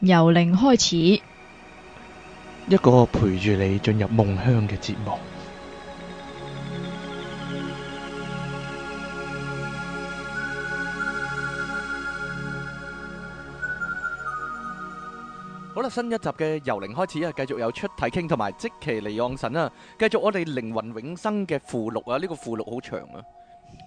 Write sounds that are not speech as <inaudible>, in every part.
由零開始，一個陪住你進入夢鄉嘅節目。好啦，新一集嘅由零開始，繼續有出體傾同埋即其離盎神啊！繼續我哋靈魂永生嘅附錄啊！呢個附錄好長啊！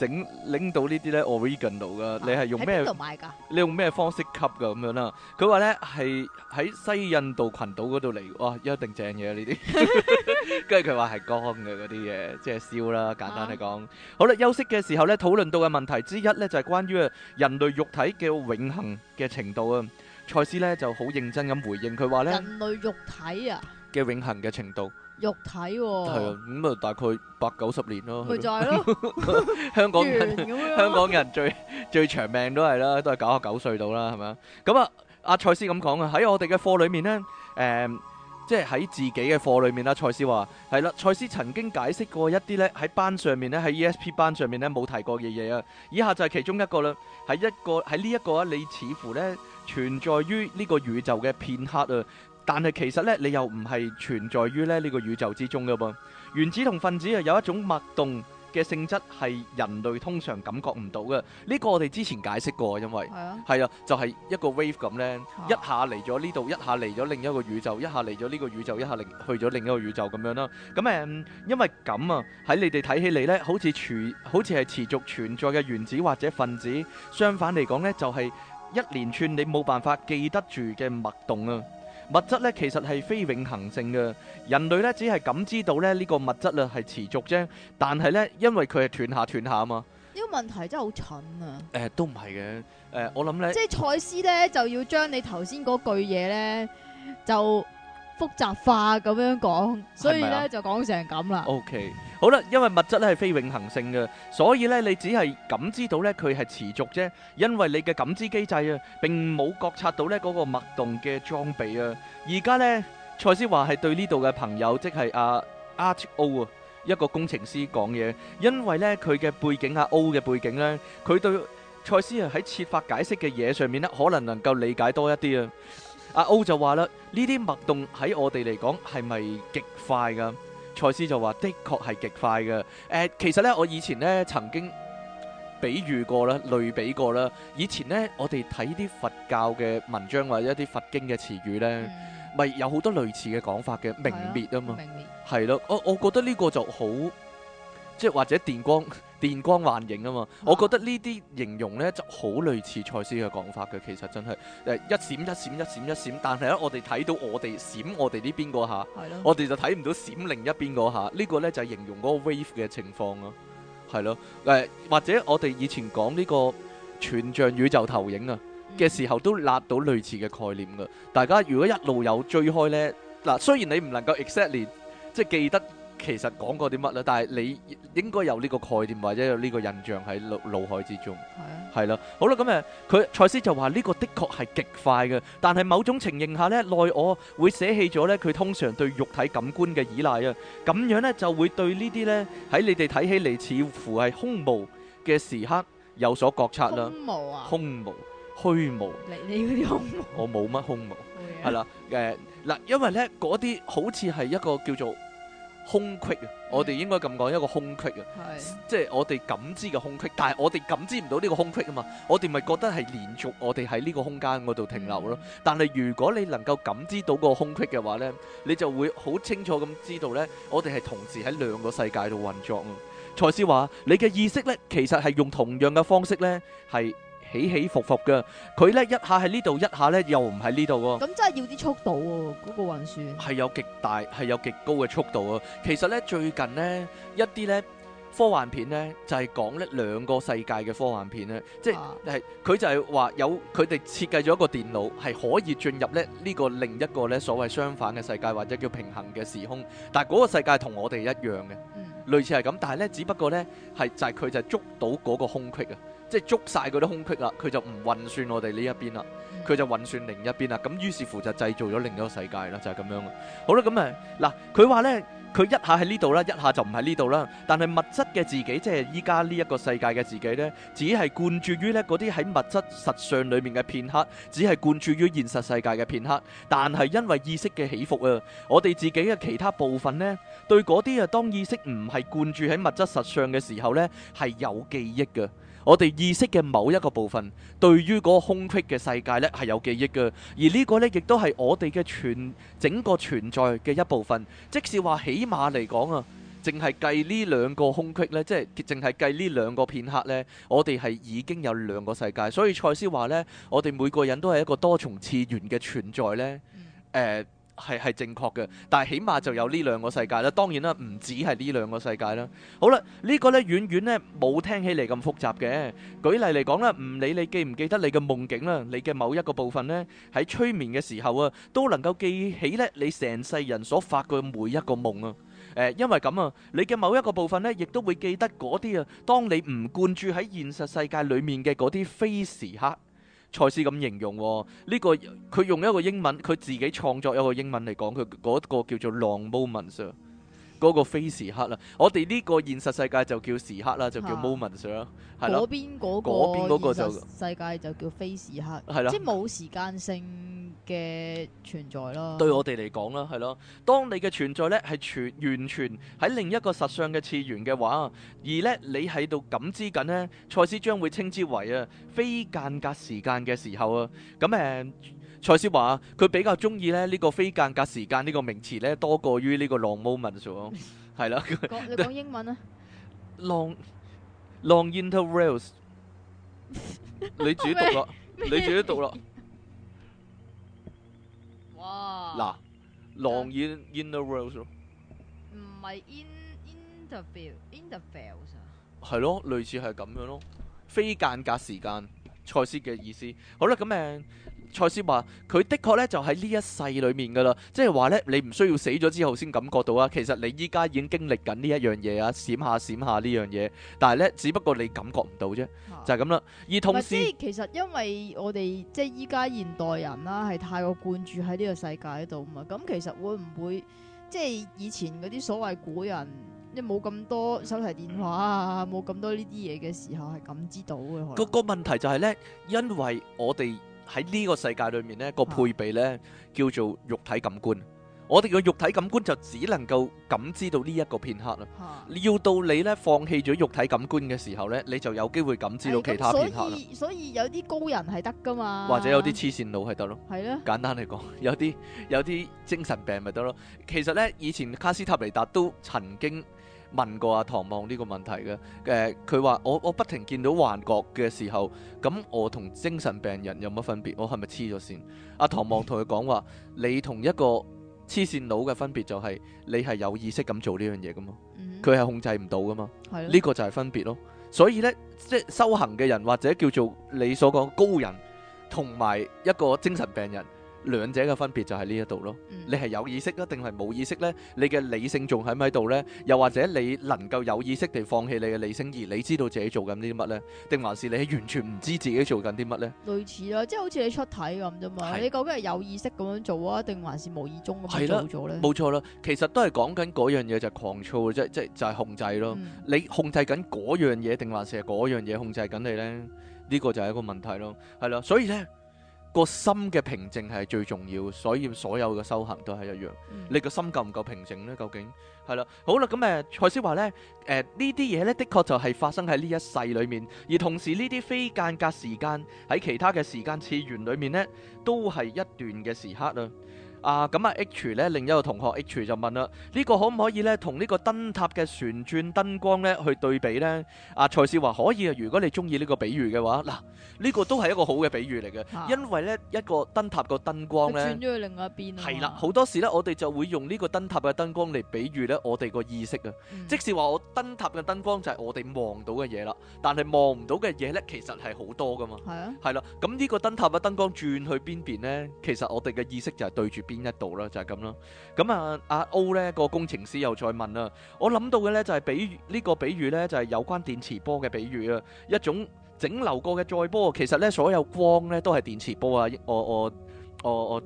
整拎到呢啲咧，original 到噶，你係用咩度買噶？你用咩方式吸噶咁樣啦？佢話咧係喺西印度群島嗰度嚟，哇，一定正嘅呢啲。跟住佢話係乾嘅嗰啲嘢，即係燒啦，簡單嚟講。好啦，休息嘅時候咧，討論到嘅問題之一咧，就係關於啊人類肉體嘅永恆嘅程度啊。賽斯咧就好認真咁回應佢話咧，人類肉體啊嘅永恆嘅程度。肉體喎、哦，啊，咁、嗯、啊，大概八九十年咯，咪就係是咯。 <laughs> 香港人， <laughs> 完 香港人最 <laughs> 最，最長命都係啦，都係九啊九歲到啦，係咪啊？咁啊，阿蔡思咁講啊，喺我哋嘅課裏面咧，誒，即係喺自己嘅課裏面啦。蔡思話係啦，蔡思曾經解釋過一啲咧，喺班上面咧，喺 E S P 班上面咧，冇提過嘅嘢啊。以下就係其中一個啦。喺一個，喺呢一個咧，你似乎咧存在於呢個宇宙嘅片刻啊。但係其實咧，你又唔係存在於咧呢個宇宙之中㗎噃。原子同分子啊，有一種脈動嘅性質係人類通常感覺唔到嘅。呢個我哋之前解釋過，因為係啊，係啊，就係一個 wave 咁咧、啊，一下嚟咗呢度，一下嚟咗另一個宇宙，一下嚟咗呢個宇宙，一下另去咗另一個宇宙咁樣啦。咁、嗯、誒，因為咁啊，喺你哋睇起嚟咧，好似存好似係持續存在嘅原子或者分子，相反嚟講咧就係一連串你冇辦法記得住嘅脈動啊。物質咧其實係非永恆性嘅，人類咧只係感知到咧呢、這個物質啊係持續啫，但係咧因為佢係斷下斷下啊嘛。呢個問題真係好蠢啊！誒、呃，都唔係嘅，誒、呃，我諗咧，即係賽斯咧就要將你頭先嗰句嘢咧就。複雜化咁樣講，所以咧就講成咁啦。OK，好啦，因為物質咧係非永恒性嘅，所以咧你只係感知到咧佢係持續啫，因為你嘅感知機制啊，並冇覺察到咧嗰個脈動嘅裝備啊。而家咧，蔡思話係對呢度嘅朋友，即係阿 R T O 啊，一個工程師講嘢，因為咧佢嘅背景啊 O 嘅背景咧，佢對蔡思啊喺設法解釋嘅嘢上面咧，可能能夠理解多一啲啊。阿歐就話啦，呢啲脈動喺我哋嚟講係咪極快噶？賽斯就話的確係極快嘅。誒、呃，其實咧我以前咧曾經比喻過啦，類比過啦。以前咧我哋睇啲佛教嘅文章或者一啲佛經嘅詞語咧，咪、嗯、有好多類似嘅講法嘅、嗯、明滅啊嘛，明滅、係咯。我我覺得呢個就好，即係或者電光。電光幻影啊嘛，啊我覺得呢啲形容呢就好類似賽斯嘅講法嘅，其實真係誒、呃、一閃一閃一閃一閃，但係咧我哋睇到我哋閃我哋呢邊嗰下，的我哋就睇唔到閃另一邊嗰下，呢、這個呢就係、是、形容嗰個 wave 嘅情況咯、啊，係咯，誒或者我哋以前講呢個全像宇宙投影啊嘅、嗯、時候都揦到類似嘅概念噶，大家如果一路有追開呢，嗱、呃、雖然你唔能夠 exactly 即係記得。其實講過啲乜啦，但係你應該有呢個概念或者有呢個印象喺腦腦海之中。係啊，係啦，好啦，咁誒，佢賽斯就話呢個的確係極快嘅，但係某種情形下咧，內我會捨棄咗咧佢通常對肉體感官嘅依賴啊，咁樣咧就會對呢啲咧喺你哋睇起嚟似乎係空無嘅時刻有所覺察啦。空無啊？空無，虛無。你你嗰啲空無？我冇乜空無。係啦，誒嗱，因為咧嗰啲好似係一個叫做。空隙、嗯、我哋應該咁講，一個空隙啊，即係我哋感知嘅空隙，但係我哋感知唔到呢個空隙啊嘛，我哋咪覺得係連續，我哋喺呢個空間嗰度停留咯。嗯、但係如果你能夠感知到個空隙嘅話呢，你就會好清楚咁知道呢，我哋係同時喺兩個世界度運作。賽斯話：你嘅意識呢，其實係用同樣嘅方式呢。係。起起伏伏嘅，佢咧一下喺呢度，一下咧又唔喺呢度喎。咁真係要啲速度喎，嗰個運算係有極大，係有極高嘅速度啊！其實咧，最近咧一啲咧科幻片咧就係講咧兩個世界嘅科幻片咧，即係佢就係話有佢哋設計咗一個電腦係可以進入咧呢個另一個咧所謂相反嘅世界或者叫平衡嘅時空，但係嗰個世界同我哋一樣嘅，類似係咁，但係咧只不過咧係就係佢就係捉到嗰個空隙啊。即係捉晒佢啲空隙啦，佢就唔運算我哋呢一邊啦，佢就運算另一邊啦。咁於是乎就製造咗另一個世界啦，就係咁樣咯。好啦，咁啊，嗱，佢話呢，佢一下喺呢度啦，一下就唔喺呢度啦。但係物質嘅自己，即係依家呢一個世界嘅自己呢，只係灌注於呢嗰啲喺物質實相裏面嘅片刻，只係灌注於現實世界嘅片刻。但係因為意識嘅起伏啊，我哋自己嘅其他部分呢，對嗰啲啊，當意識唔係灌注喺物質實相嘅時候呢，係有記憶嘅。我哋意識嘅某一個部分，對於嗰個空隙嘅世界呢，係有記憶嘅，而呢個呢亦都係我哋嘅全整個存在嘅一部分。即使話起碼嚟講啊，淨係計呢兩個空隙呢，即係淨係計呢兩個片刻呢，我哋係已經有兩個世界。所以賽斯話呢，我哋每個人都係一個多重次元嘅存在呢。誒、呃。係係正確嘅，但係起碼就有呢兩個世界啦。當然啦，唔止係呢兩個世界啦。好啦，呢個呢遠遠呢冇聽起嚟咁複雜嘅。舉例嚟講啦，唔理你記唔記得你嘅夢境啦，你嘅某一個部分呢喺催眠嘅時候啊，都能夠記起呢你成世人所發嘅每一個夢啊。誒，因為咁啊，你嘅某一個部分呢，亦都會記得嗰啲啊。當你唔貫注喺現實世界裏面嘅嗰啲非時刻。賽斯咁形容呢、哦呢個，佢用一個英文，佢自己創作一個英文嚟講佢嗰個叫做 long moments。嗰個非時刻啦，我哋呢個現實世界就叫時刻啦，就叫 moment 咯、啊，啦的。嗰邊嗰個，個就現實世界就叫非時刻，係啦的，即冇時間性嘅存在咯。對我哋嚟講啦，係咯。當你嘅存在咧係全完全喺另一個實相嘅次元嘅話，而咧你喺度感知緊咧，賽斯將會稱之為啊非間隔時間嘅時候啊，咁誒。嗯蔡思華：佢比較中意咧呢個非間隔時間呢個名詞咧，多過於呢個 long moment 喎。係啦，講你講英文啊。Long long intervals。你自己讀啦，你自己讀啦。哇！嗱，long intervals。唔係 interview intervals。係咯，類似係咁樣咯。非間隔時間，蔡思嘅意思。好啦，咁誒。賽斯話：佢的確咧就喺呢一世裏面噶啦，即係話咧你唔需要死咗之後先感覺到啊，其實你依家已經經歷緊呢一樣嘢啊，閃下閃下呢樣嘢，但係咧只不過你感覺唔到啫，就係咁啦。而同時，即係其實因為我哋即係依家現代人啦，係太過關注喺呢個世界度嘛，咁其實會唔會即係以前嗰啲所謂古人，即係冇咁多手提電話啊，冇咁多呢啲嘢嘅時候，係感知到嘅？個個問題就係咧，因為我哋。喺呢個世界裏面咧，呢個配備咧叫做肉體感官。我哋嘅肉體感官就只能夠感知到呢一個片刻啦。要到你咧放棄咗肉體感官嘅時候咧，你就有機會感知到其他片刻啦。所以有啲高人係得噶嘛，或者有啲黐線佬係得咯。係咧，簡單嚟講，有啲有啲精神病咪得咯。其實咧，以前卡斯塔尼達都曾經。問過阿、啊、唐望呢個問題嘅，誒佢話我我不停見到幻覺嘅時候，咁我同精神病人有乜分別？我係咪痴咗線？阿、啊、唐望同佢講話，嗯、你同一個痴線佬嘅分別就係、是、你係有意識咁做呢樣嘢噶嘛，佢係、嗯、哼控制唔到噶嘛，呢、嗯、哼個就係分別咯。所以呢，即、就是、修行嘅人或者叫做你所講高人，同埋一個精神病人。兩者嘅分別就喺呢一度咯，嗯、你係有意識啊定係冇意識咧？你嘅理性仲喺唔喺度咧？又或者你能夠有意識地放棄你嘅理性，而你知道自己做緊啲乜咧？定還是你係完全唔知自己做緊啲乜咧？類似啦，即係好似你出體咁啫嘛。是你究竟係有意識咁樣做啊，定還是無意中咁做咗咧？冇錯啦，其實都係講緊嗰樣嘢就係狂躁嘅啫，即係就係控制咯。嗯、你控制緊嗰樣嘢，定還是嗰樣嘢控制緊你咧？呢、呢個就係一個問題咯，係咯，所以咧。個心嘅平靜係最重要，所以所有嘅修行都係一樣。嗯、你個心夠唔夠平靜呢？究竟係啦，好啦，咁誒、呃，賽斯話呢，誒呢啲嘢呢，的確就係發生喺呢一世裡面，而同時呢啲非間隔時間喺其他嘅時間次元裡面呢，都係一段嘅時刻啊。啊咁啊 H 咧另一個同學 H 就問啦，呢、這個可唔可以咧同呢個燈塔嘅旋轉燈光咧去對比咧？阿、啊、賽斯話可以啊，如果你中意呢個比喻嘅話，嗱呢、這個都係一個好嘅比喻嚟嘅， <laughs> 因為咧一個燈塔個燈光咧轉咗去另外一邊啊，啦，好多時咧我哋就會用呢個燈塔嘅燈光嚟比喻咧我哋個意識、嗯、啊，即係話我燈塔嘅燈光就係我哋望到嘅嘢啦，但係望唔到嘅嘢咧其實係好多㗎嘛，係啊，係啦，咁呢個燈塔嘅燈光轉去邊邊咧，其實我哋嘅意識就係對住。邊一度啦？就係咁啦。咁啊，阿 O 咧個工程師又再問啦。我諗到嘅咧就係比呢、這個比喻咧就係有關電磁波嘅比喻啊。一種整流過嘅載波，其實咧所有光咧都係電磁波啊。我我我我，我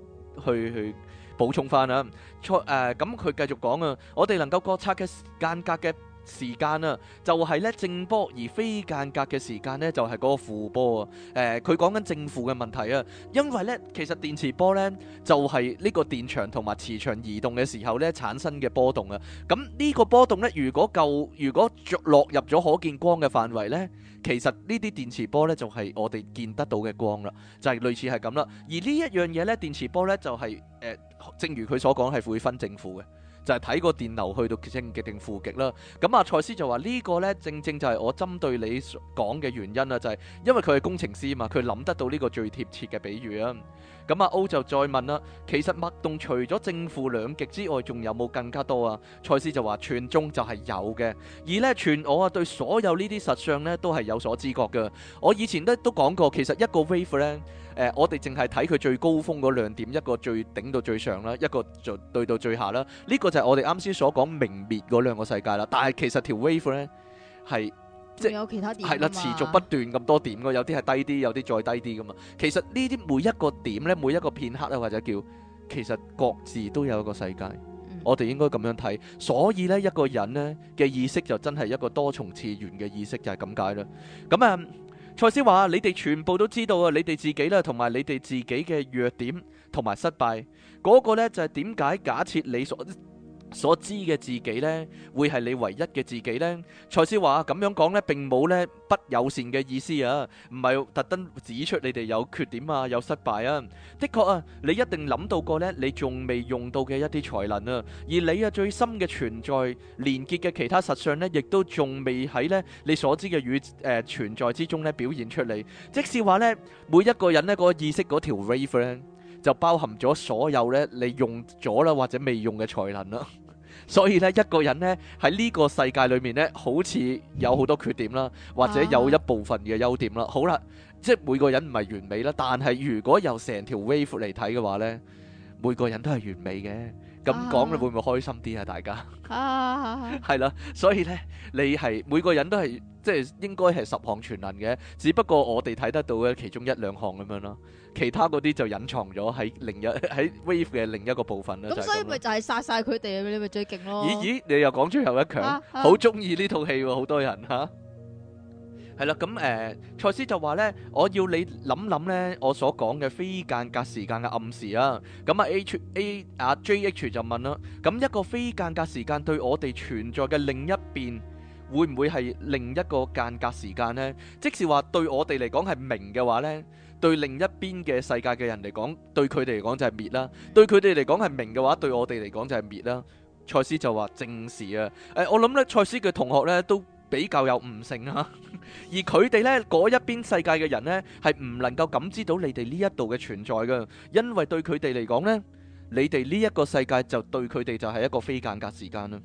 去去補充翻啦。錯誒，咁佢繼續講啊。嗯、我哋能夠觀察嘅時間隔嘅。時間啦，就係咧正波而非間隔嘅時間咧，就係嗰個負波啊。誒，佢講緊正負嘅問題啊。因為咧，其實電磁波咧就係呢個電場同埋磁場移動嘅時候咧產生嘅波動啊。咁呢個波動咧，如果夠，如果著落入咗可見光嘅範圍咧，其實呢啲電磁波咧就係我哋見得到嘅光啦，就係類似係咁啦。而呢一樣嘢咧，電磁波咧就係誒，正如佢所講係會分正負嘅。就係睇個電流去到正極定負極啦。咁啊，蔡司就話呢個呢，正正就係我針對你講嘅原因啦，就係因為佢係工程師啊嘛，佢諗得到呢個最貼切嘅比喻啊。咁啊，歐就再問啦，其實脈動除咗正負兩極之外，仲有冇更加多啊？蔡司就話串中就係有嘅，而呢，全我啊對所有呢啲實相呢，都係有所知覺嘅。我以前咧都講過，其實一個 wave 咧。誒、呃，我哋淨係睇佢最高峰嗰兩點，一個最頂到最上啦，一個就對到最下啦。呢個就係我哋啱先所講明滅嗰兩個世界啦。但係其實條 wave 咧係即係有其他點嘛？係啦，持續不斷咁多點，有啲係低啲，有啲再低啲嘅嘛。其實呢啲每一個點咧，每一個片刻咧，或者叫其實各自都有一個世界。嗯、我哋應該咁樣睇。所以咧，一個人咧嘅意識就真係一個多重次元嘅意識，就係咁解啦。咁啊～、嗯賽斯話：你哋全部都知道啊！你哋自己啦，同埋你哋自己嘅弱點同埋失敗，嗰、那個呢就係點解，假設你所所知嘅自己呢，會係你唯一嘅自己呢？蔡思華啊，咁樣講呢，並冇呢不友善嘅意思啊，唔係特登指出你哋有缺點啊，有失敗啊。的確啊，你一定諗到過呢，你仲未用到嘅一啲才能啊，而你啊最深嘅存在連結嘅其他實相呢，亦都仲未喺呢你所知嘅語誒存在之中呢表現出嚟。即係話呢，每一個人呢、呢個意識嗰條 ray 咧，就包含咗所有呢你用咗啦或者未用嘅才能啦、啊。所以咧，一個人咧喺呢個世界裏面咧，好似有好多缺點啦，或者有一部分嘅優點啦。好啦，即係每個人唔係完美啦，但係如果由成條 wave 嚟睇嘅話咧，每個人都係完美嘅。咁講你會唔會開心啲啊？大家啊，係 <laughs> 啦， <laughs> <laughs> <laughs> <laughs> <laughs> 所以咧，你係每個人都係即係應該係十項全能嘅，只不過我哋睇得到嘅其中一兩項咁樣咯。其他嗰啲就隱藏咗喺另一喺 wave 嘅另一個部分啦。咁所以咪就係殺曬佢哋，你咪最勁咯。咦咦，你又講出最後一強，好中意呢套戲喎，好多人嚇。係啦，咁誒，賽斯就話咧，我要你諗諗咧，我所講嘅非間隔時間嘅暗示啊。咁啊，H A 啊 J H 就問啦，咁一個非間隔時間對我哋存在嘅另一邊，會唔會係另一個間隔時間咧？即是話對我哋嚟講係明嘅話咧，對另一邊嘅世界嘅人嚟講，對佢哋嚟講就係滅啦；對佢哋嚟講係明嘅話，對我哋嚟講就係滅啦。賽斯就話正時啊！誒、哎，我諗咧，賽斯嘅同學咧都比較有悟性啊， <laughs> 而佢哋咧嗰一邊世界嘅人咧係唔能夠感知到你哋呢一度嘅存在噶，因為對佢哋嚟講咧，你哋呢一個世界就對佢哋就係一個非間隔時間啦。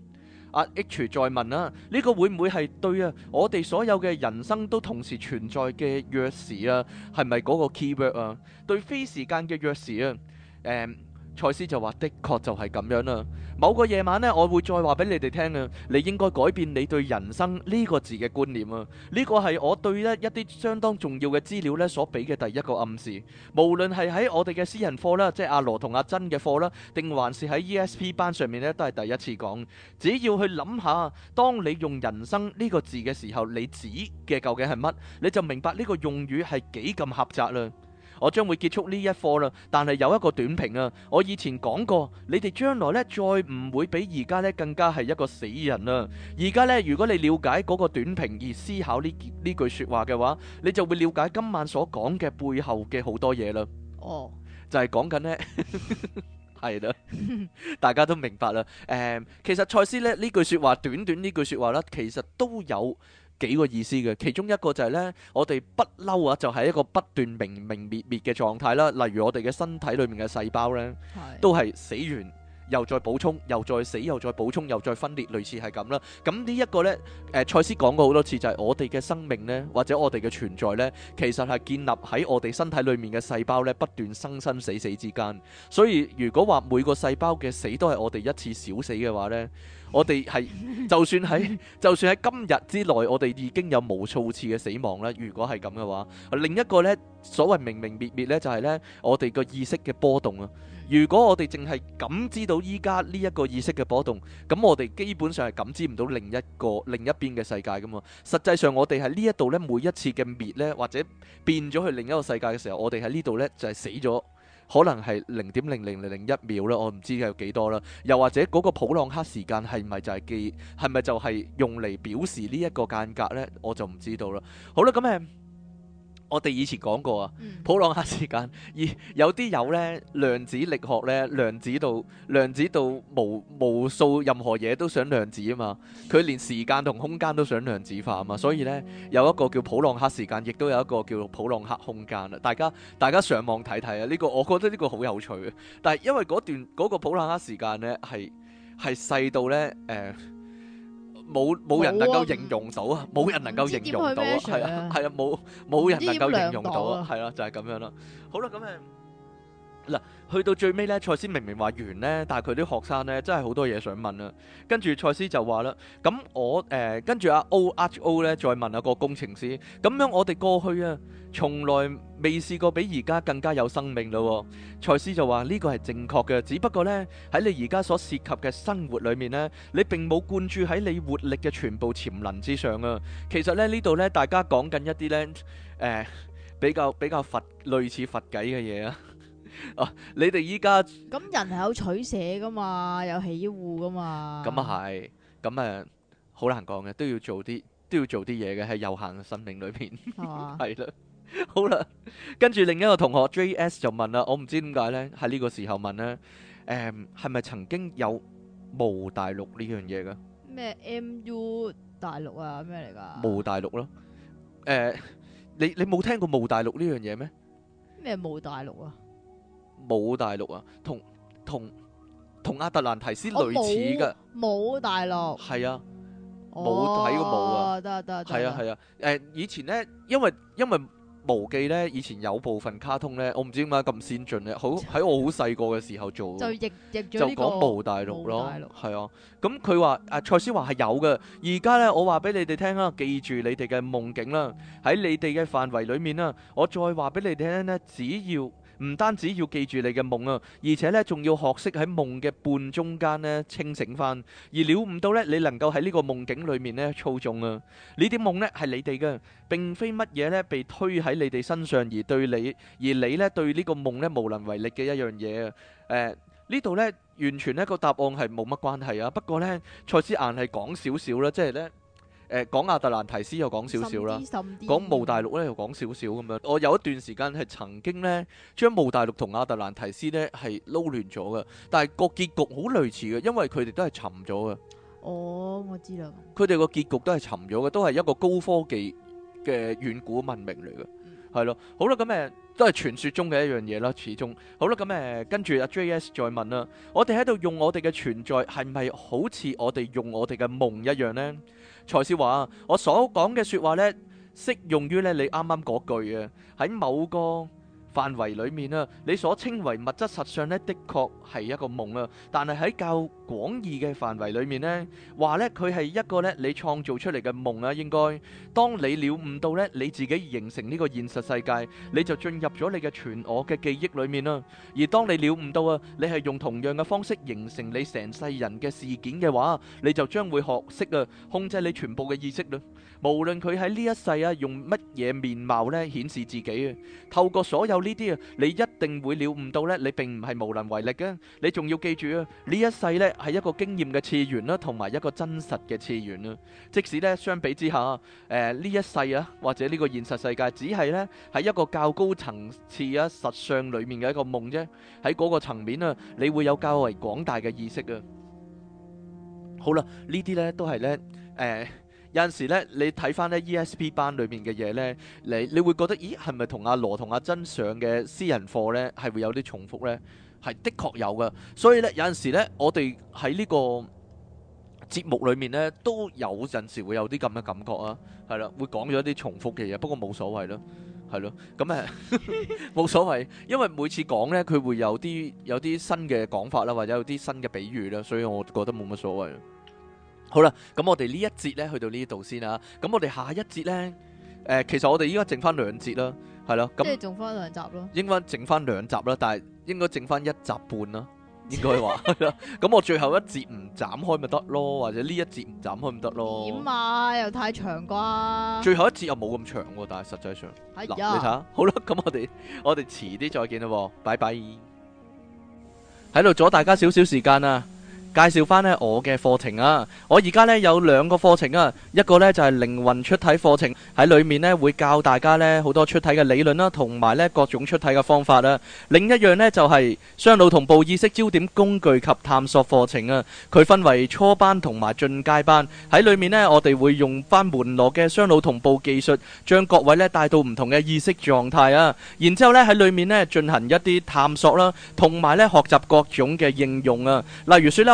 阿 H 再問啦，呢、這個會唔會係對啊？我哋所有嘅人生都同時存在嘅約時啊，係咪嗰個 key word 啊？對非時間嘅約時啊，誒、um。賽斯就話的確就係咁樣啦。某個夜晚呢，我會再話俾你哋聽啊。你應該改變你對人生呢個字嘅觀念啊。呢個係我對一一啲相當重要嘅資料呢，所俾嘅第一個暗示。無論係喺我哋嘅私人課啦，即係阿羅同阿珍嘅課啦，定還是喺 ESP 班上面呢，都係第一次講。只要去諗下，當你用人生呢個字嘅時候，你指嘅究竟係乜，你就明白呢個用語係幾咁狹窄啦。我將會結束呢一課啦，但係有一個短評啊！我以前講過，你哋將來咧再唔會比而家咧更加係一個死人啦。而家咧，如果你了解嗰個短評而思考呢呢句說話嘅話，你就會了解今晚所講嘅背後嘅好多嘢啦。哦，就係講緊呢，係啦 <laughs> <laughs> 對了， <laughs> 大家都明白啦。誒、嗯，其實賽斯咧呢句說話，短短呢句說話啦，其實都有。幾個意思嘅，其中一個就係咧，我哋不嬲啊，就係一個不斷明明滅滅嘅狀態啦。例如我哋嘅身體裏面嘅細胞咧，的都係死完。又再補充，又再死，又再補充，又再分裂，類似係咁啦。咁呢一個呢，誒、呃、賽斯講過好多次，就係、是、我哋嘅生命呢，或者我哋嘅存在呢，其實係建立喺我哋身體裏面嘅細胞呢，不斷生生死死之間。所以如果話每個細胞嘅死都係我哋一次小死嘅話呢，我哋係就算喺就算喺今日之內，我哋已經有無數次嘅死亡啦。如果係咁嘅話，另一個呢，所謂明明滅滅呢，就係、是、呢，我哋個意識嘅波動啊。.如果我哋淨係感知到依家呢一個意識嘅波動，咁我哋基本上係感知唔到另一個另一邊嘅世界噶嘛。實際上我哋喺呢一度呢，每一次嘅滅呢，或者變咗去另一個世界嘅時候，我哋喺呢度呢，就係死咗，可能係零點零零零零一秒啦，我唔知有幾多啦。又或者嗰個普朗克時間係咪就係記，係咪就係用嚟表示呢一個間隔呢？我就唔知道啦。好啦，咁誒。我哋以前講過啊，普朗克時間，而有啲有呢量子力學呢，量子度量子度無無數任何嘢都想量子啊嘛，佢連時間同空間都想量子化啊嘛，所以呢，有一個叫普朗克時間，亦都有一個叫普朗克空間啊！大家大家上網睇睇啊，呢、呢個我覺得呢個好有趣啊。但係因為嗰段嗰、嗰個普朗克時間呢，係係細到呢。誒、呃。冇冇人能夠形容到啊！冇人能夠形容到啊！係啊係啊，冇冇、啊、人能夠形容到啊！係啦、啊，就係、是、咁樣啦、啊。好啦、啊，咁誒。嗱，去到最尾咧，賽斯明明話完咧，但係佢啲學生咧真係好多嘢想問啦、啊。跟住賽斯就話啦：咁、嗯、我誒、呃、跟住阿、啊、O H O 咧，再問下個工程師。咁、嗯、樣我哋過去啊，從來未試過比而家更加有生命咯、啊。賽斯就話：呢個係正確嘅，只不過咧喺你而家所涉及嘅生活裡面咧，你並冇灌注喺你活力嘅全部潛能之上啊。其實咧呢度咧，大家講緊一啲咧誒比較比較佛類似佛偈嘅嘢啊。哦，你哋依家咁人係有取捨㗎嘛，有起鬨㗎嘛？咁啊係，咁啊好難講嘅，都要做啲都要做啲嘢嘅，喺有限嘅生命裏邊，係啦，好啦，跟住另一個同學 JS 就問啦，我唔知點解咧喺呢個時候問咧，誒係咪曾經有無大陸呢樣嘢㗎？咩 MU 大陸啊？咩嚟㗎？無大陸咯，誒你你冇聽過無大陸呢樣嘢咩？咩無大陸啊？冇大陸啊，同同同亞特蘭提斯類似嘅。冇、哦、大陸。係啊，冇睇、哦、過冇啊。得得。係啊係啊，誒、啊呃、以前咧，因為因為無記咧，以前有部分卡通咧，我唔知點解咁先進咧，好喺我好細個嘅時候做。就譯譯、這個、講無大陸咯。無大陸。係啊，咁佢話啊蔡思華係有嘅，而家咧我話俾你哋聽啊，記住你哋嘅夢境啦，喺你哋嘅範圍裡面啦，我再話俾你哋聽咧，只要。唔單止要記住你嘅夢啊，而且呢，仲要學識喺夢嘅半中間咧清醒翻，而了悟到呢，你能夠喺呢個夢境裡面咧操縱啊呢啲夢呢，係你哋嘅，並非乜嘢呢，被推喺你哋身上而對你而你呢，對呢個夢呢，無能為力嘅一樣嘢啊。誒呢度呢，完全呢個答案係冇乜關係啊。不過呢，賽斯岩係講少少啦，即係呢。誒講亞特蘭提斯又講少少啦，甚至甚至講姆大陸咧又講少少咁樣。我有一段時間係曾經咧將姆大陸同亞特蘭提斯咧係撈亂咗嘅，但係個結局好類似嘅，因為佢哋都係沉咗嘅。哦，我知道，佢哋個結局都係沉咗嘅，都係一個高科技嘅遠古文明嚟嘅，係咯、嗯。好啦，咁誒都係傳説中嘅一樣嘢啦。始終好啦，咁誒跟住阿 J.S. 再問啦，我哋喺度用我哋嘅存在係唔係好似我哋用我哋嘅夢一樣咧？賽斯話：我所講嘅説話咧，適用於咧你啱啱嗰句啊，喺某個範圍裏面啊，你所稱為物質實相咧，的確係一個夢啊。但係喺較廣義嘅範圍裏面咧，話咧佢係一個咧你創造出嚟嘅夢啊。應該當你了悟到咧你自己形成呢個現實世界，你就進入咗你嘅全我嘅記憶裏面啦。而當你了悟到啊，你係用同樣嘅方式形成你成世人嘅事件嘅話，你就將會學識啊控制你全部嘅意識啦。無論佢喺呢一世啊用乜嘢面貌咧顯示自己啊，透過所有呢。呢啲啊，你一定會了悟到咧，你並唔係無能為力嘅，你仲要記住啊，呢一世咧係一個經驗嘅次元啦，同埋一個真實嘅次元啦。即使咧相比之下，誒呢一世啊，或者呢個現實世界，只係咧喺一個較高層次啊實相裏面嘅一個夢啫。喺嗰個層面啊，你會有較為廣大嘅意識啊。好啦，呢啲咧都係咧，誒。有陣時咧，你睇翻咧 ESP 班裏面嘅嘢咧，你你會覺得，咦，係咪同阿羅同阿珍上嘅私人課咧，係會有啲重複咧？係的確有㗎，所以咧有陣時咧，我哋喺呢個節目裏面咧，都有陣時會有啲咁嘅感覺啊，係啦，會講咗一啲重複嘅嘢，不過冇所謂咯，係咯，咁誒冇所謂，因為每次講咧，佢會有啲有啲新嘅講法啦，或者有啲新嘅比喻啦，所以我覺得冇乜所謂。好啦，咁我哋呢一節咧，去到呢度先啦。咁我哋下一節咧，誒、呃，其實我哋依家剩翻兩節啦，係咯。即係剩翻兩集咯。英文剩翻兩集啦，但係應該剩翻一集半啦，應該話。咁 <laughs> <laughs> 我最後一節唔斬開咪得咯，或者呢一節唔斬開咪得咯。點啊？又太長啩？最後一節又冇咁長喎，但係實際上。嗱、啊，你睇下，好啦，咁我哋我哋遲啲再見啦，拜拜。喺度阻大家少少時間啊！介紹翻咧我嘅課程啊！我而家咧有兩個課程啊，一個咧就係靈魂出體課程，喺裏面咧會教大家咧好多出體嘅理論啦，同埋咧各種出體嘅方法啦。另一樣咧就係雙腦同步意識焦點工具及探索課程啊。佢分為初班同埋進階班，喺裏面咧我哋會用翻門羅嘅雙腦同步技術，將各位咧帶到唔同嘅意識狀態啊。然之後咧喺裏面咧進行一啲探索啦，同埋咧學習各種嘅應用啊。例如説咧。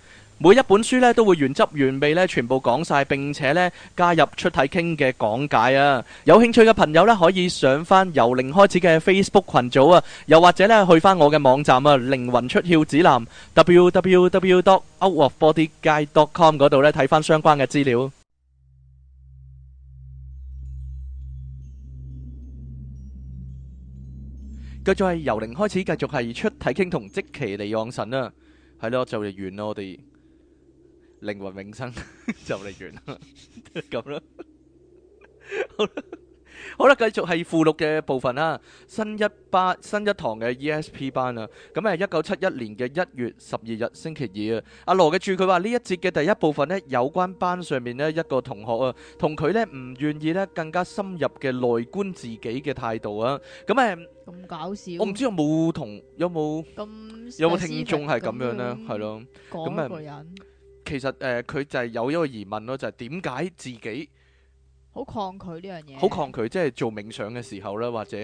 每一本書咧都會原汁原味咧全部講晒，並且咧加入出體傾嘅講解啊！有興趣嘅朋友咧可以上翻由零開始嘅 Facebook 群組啊，又或者咧去翻我嘅網站啊，靈魂出竅指南 www.outofbodyguide.com 嗰度咧睇翻相關嘅資料。繼續係由零開始，繼續係出體傾同即其嚟養神啊！係咯，就完咯，我哋。靈魂永生就嚟完啦，咁啦，好啦，好啦，繼續係附錄嘅部分啦，新一班新一堂嘅 ESP 班啊，咁係，一九七一年嘅一月十二日星期二啊，阿羅嘅註佢話呢一節嘅第一部分咧，有關班上面咧一個同學啊，同佢咧唔願意咧更加深入嘅內觀自己嘅態度啊，咁誒，咁搞笑，我唔知有冇同有冇咁有冇聽眾係咁樣咧，係咯，咁一個人。其實誒，佢呃就係有一個疑問咯，就係點解自己好抗拒呢樣嘢？好抗拒，即係做冥想嘅時候咧，或者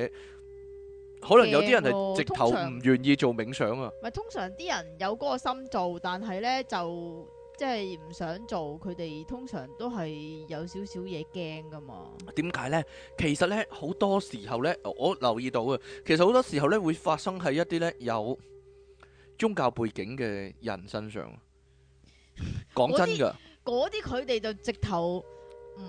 可能有啲人係直頭唔願意做冥想啊。咪通常啲人有嗰個心做，但係咧就即係唔想做。佢哋通常都係有少少嘢驚噶嘛。點解咧？其實咧好多時候咧，我留意到啊，其實好多時候咧會發生喺一啲咧有宗教背景嘅人身上。講真噶，嗰啲佢哋就直頭唔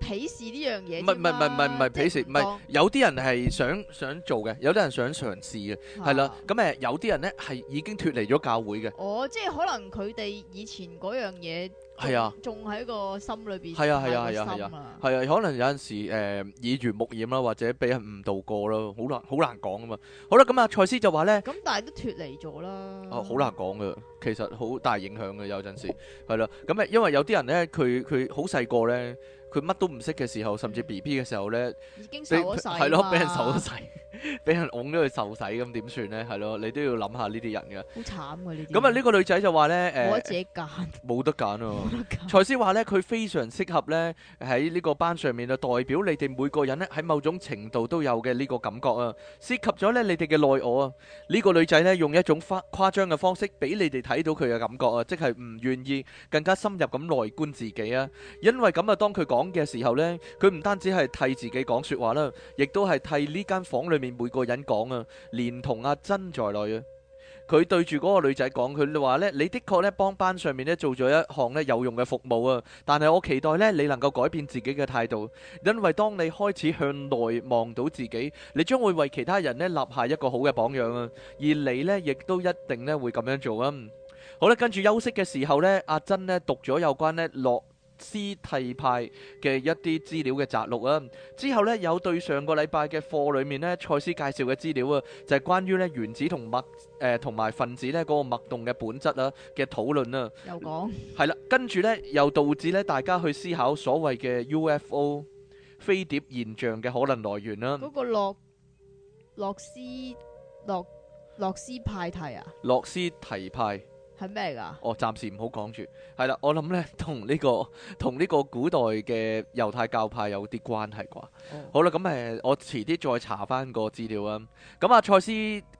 鄙視呢樣嘢。唔係，唔係，唔係，唔係，唔係鄙視，唔係有啲人係想想做嘅，有啲人想嘗試嘅，係啦、啊。咁誒，有啲人咧係已經脫離咗教會嘅。哦，即係可能佢哋以前嗰樣嘢。係啊，仲喺個心裏邊，係啊係啊係啊係啊，係啊，啊，啊，啊，啊，可能有陣時誒耳濡目染啦，或者俾人誤導過咯，好難好難講啊嘛。好啦，咁啊蔡思就話咧，咁但係都脫離咗啦。哦，好難講噶，其實好大影響噶，有陣時係啦。咁誒，因為有啲人咧，佢佢好細個咧，佢乜都唔識嘅時候，甚至 B B 嘅時候咧，已經受咗晒，係咯，俾人受咗晒。 <laughs> 俾人㧬咗去受洗，咁點算咧？係咯，你都要諗下呢啲人嘅。好慘噶呢。咁啊，呢個女仔就話咧，誒，冇得自己揀，冇得揀啊。賽斯話咧，佢非常適合咧喺呢個班上面啊，代表你哋每個人咧喺某種程度都有嘅呢個感覺啊，涉及咗咧你哋嘅內我啊。呢個女仔咧用一種誇誇張嘅方式俾你哋睇到佢嘅感覺啊，即係唔願意更加深入咁內觀自己啊。因為咁啊，當佢講嘅時候咧，佢唔單止係替自己講說話啦，亦都係替呢間房裏。面每個人講啊，連同阿珍在內啊，佢對住嗰個女仔講，佢話咧，你的確咧幫班上面咧做咗一項咧有用嘅服務啊，但係我期待咧你能夠改變自己嘅態度，因為當你開始向內望到自己，你將會為其他人咧立下一個好嘅榜樣啊，而你咧亦都一定咧會咁樣做啊。好啦，跟住休息嘅時候咧，阿珍咧讀咗有關咧落。斯提派嘅一啲資料嘅摘錄啊，之後呢，有對上個禮拜嘅課裡面呢，賽斯介紹嘅資料啊，就係、是、關於咧原子同脈誒同埋分子呢嗰個脈動嘅本質啊嘅討論啊。又講係啦，跟住呢，又導致咧大家去思考所謂嘅 UFO 飛碟現象嘅可能來源啦、啊。嗰個洛洛斯洛洛斯派提啊？洛斯提派。係咩噶？哦，暫時唔好講住。係啦，我諗咧，同呢、這個同呢個古代嘅猶太教派有啲關係啩。哦、好啦，咁、嗯、誒，我遲啲再查翻個資料、嗯、料啊。咁阿賽斯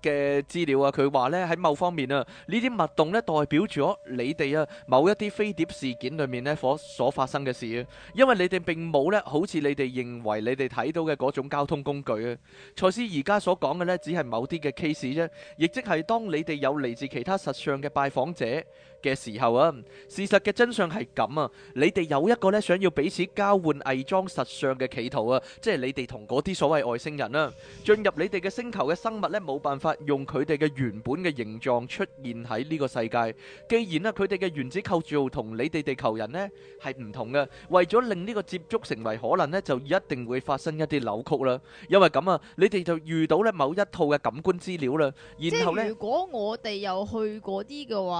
嘅資料啊，佢話呢喺某方面啊，呢啲物動呢代表咗你哋啊某一啲飛碟事件裏面呢所所發生嘅事啊。因為你哋並冇呢好似你哋認為你哋睇到嘅嗰種交通工具啊。賽斯而家所講嘅呢，只係某啲嘅 case 啫，亦即係當你哋有嚟自其他實相嘅拜訪。者嘅時候啊，事實嘅真相係咁啊，你哋有一個咧想要彼此交換偽裝實相嘅企圖啊，即係你哋同嗰啲所謂外星人啦，進入你哋嘅星球嘅生物咧，冇辦法用佢哋嘅原本嘅形狀出現喺呢個世界。既然咧佢哋嘅原子構造同你哋地球人咧係唔同嘅，為咗令呢個接觸成為可能咧，就一定會發生一啲扭曲啦。因為咁啊，你哋就遇到咧某一套嘅感官資料啦。然後呢，如果我哋有去嗰啲嘅話。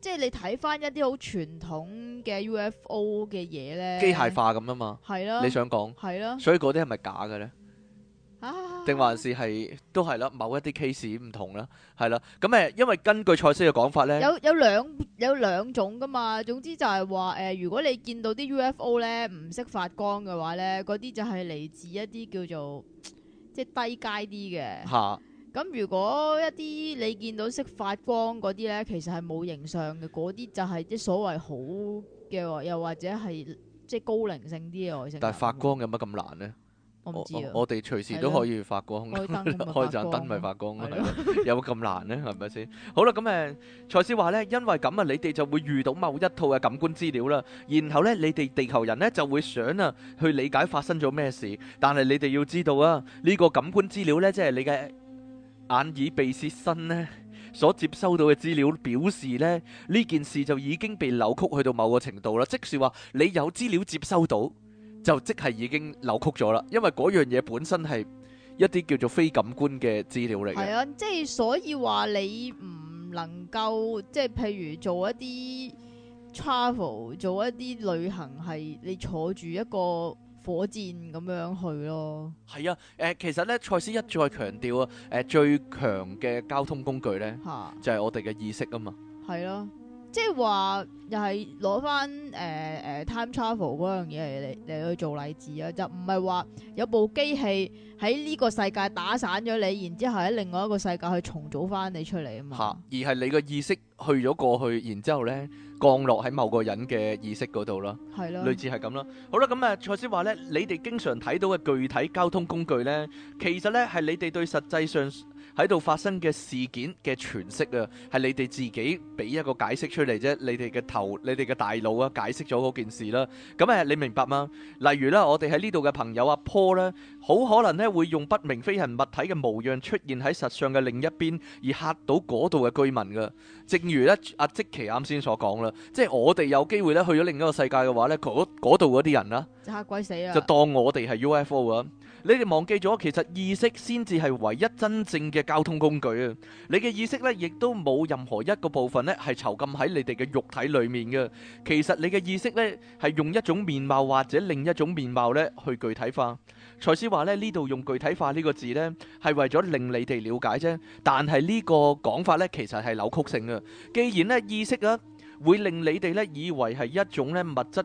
即係你睇翻一啲好傳統嘅 UFO 嘅嘢呢，機械化咁啊嘛，係咯啦，你想講係咯，啦所以嗰啲係咪假嘅呢？定、啊、還是係都係啦，某一啲 case 唔同啦，係啦，咁誒，因為根據賽斯嘅講法呢，有有兩有兩種噶嘛，總之就係話誒，如果你見到啲 UFO 呢唔識發光嘅話呢，嗰啲就係嚟自一啲叫做即係低階啲嘅。啊。咁如果一啲你見到識發光嗰啲咧，其實係冇形象嘅，嗰啲就係啲所謂好嘅，又或者係即係高靈性啲嘅外星人。但係發光有乜咁難呢？我唔知啊。我哋隨時都可以發光，開燈開盞燈咪發光咯，有乜咁難呢？係咪先？ <laughs> 好啦，咁誒，賽斯話咧，因為咁啊，你哋就會遇到某一套嘅感官資料啦，然後咧，你哋地球人咧就會想啊去理解發生咗咩事，但係你哋要知道啊，呢個感官資料咧，即係你嘅。眼耳鼻舌身呢所接收到嘅資料表示呢，呢件事就已經被扭曲去到某個程度啦。即是話你有資料接收到，就即係已經扭曲咗啦。因為樣嘢本身係一啲叫做非感官嘅資料嚟嘅，係啊，即係所以話你唔能夠，即係譬如做一啲 travel，做一啲旅行係你坐住一個。火箭咁樣去咯，係啊，誒、呃、其實咧，賽斯一再強調啊，誒、呃、最強嘅交通工具咧，啊、就係我哋嘅意識嘛啊嘛，係咯。即係話又係攞翻誒誒 time travel 嗰樣嘢嚟嚟去做例子啊，就唔係話有部機器喺呢個世界打散咗你，然之後喺另外一個世界去重組翻你出嚟啊嘛。吓，而係你個意識去咗過去，然之後咧降落喺某個人嘅意識嗰度咯，係咯的，類似係咁咯。好啦，咁啊，賽斯話咧，你哋經常睇到嘅具體交通工具咧，其實咧係你哋對實際上喺度發生嘅事件嘅詮釋啊，係你哋自己俾一個解釋出嚟啫，你哋嘅頭、你哋嘅大腦啊，解釋咗嗰件事啦。咁、嗯、誒，你明白嗎？例如咧，我哋喺呢度嘅朋友阿、啊、Paul 咧，好可能咧會用不明飛行物體嘅模樣出現喺實相嘅另一邊，而嚇到嗰度嘅居民噶。正如咧、啊、阿積奇啱先所講啦，即係我哋有機會咧去咗另一個世界嘅話咧，嗰嗰度嗰啲人啦，就嚇鬼死啊！就當我哋係 UFO 啊！你哋忘記咗，其實意識先至係唯一真正嘅交通工具啊！你嘅意識咧，亦都冇任何一個部分咧係囚禁喺你哋嘅肉體裡面嘅。其實你嘅意識咧，係用一種面貌或者另一種面貌咧去具體化。賽斯話咧呢度用具體化呢個字咧，係為咗令你哋了解啫。但係呢個講法咧，其實係扭曲性嘅。既然咧意識啊會令你哋咧以為係一種咧物質。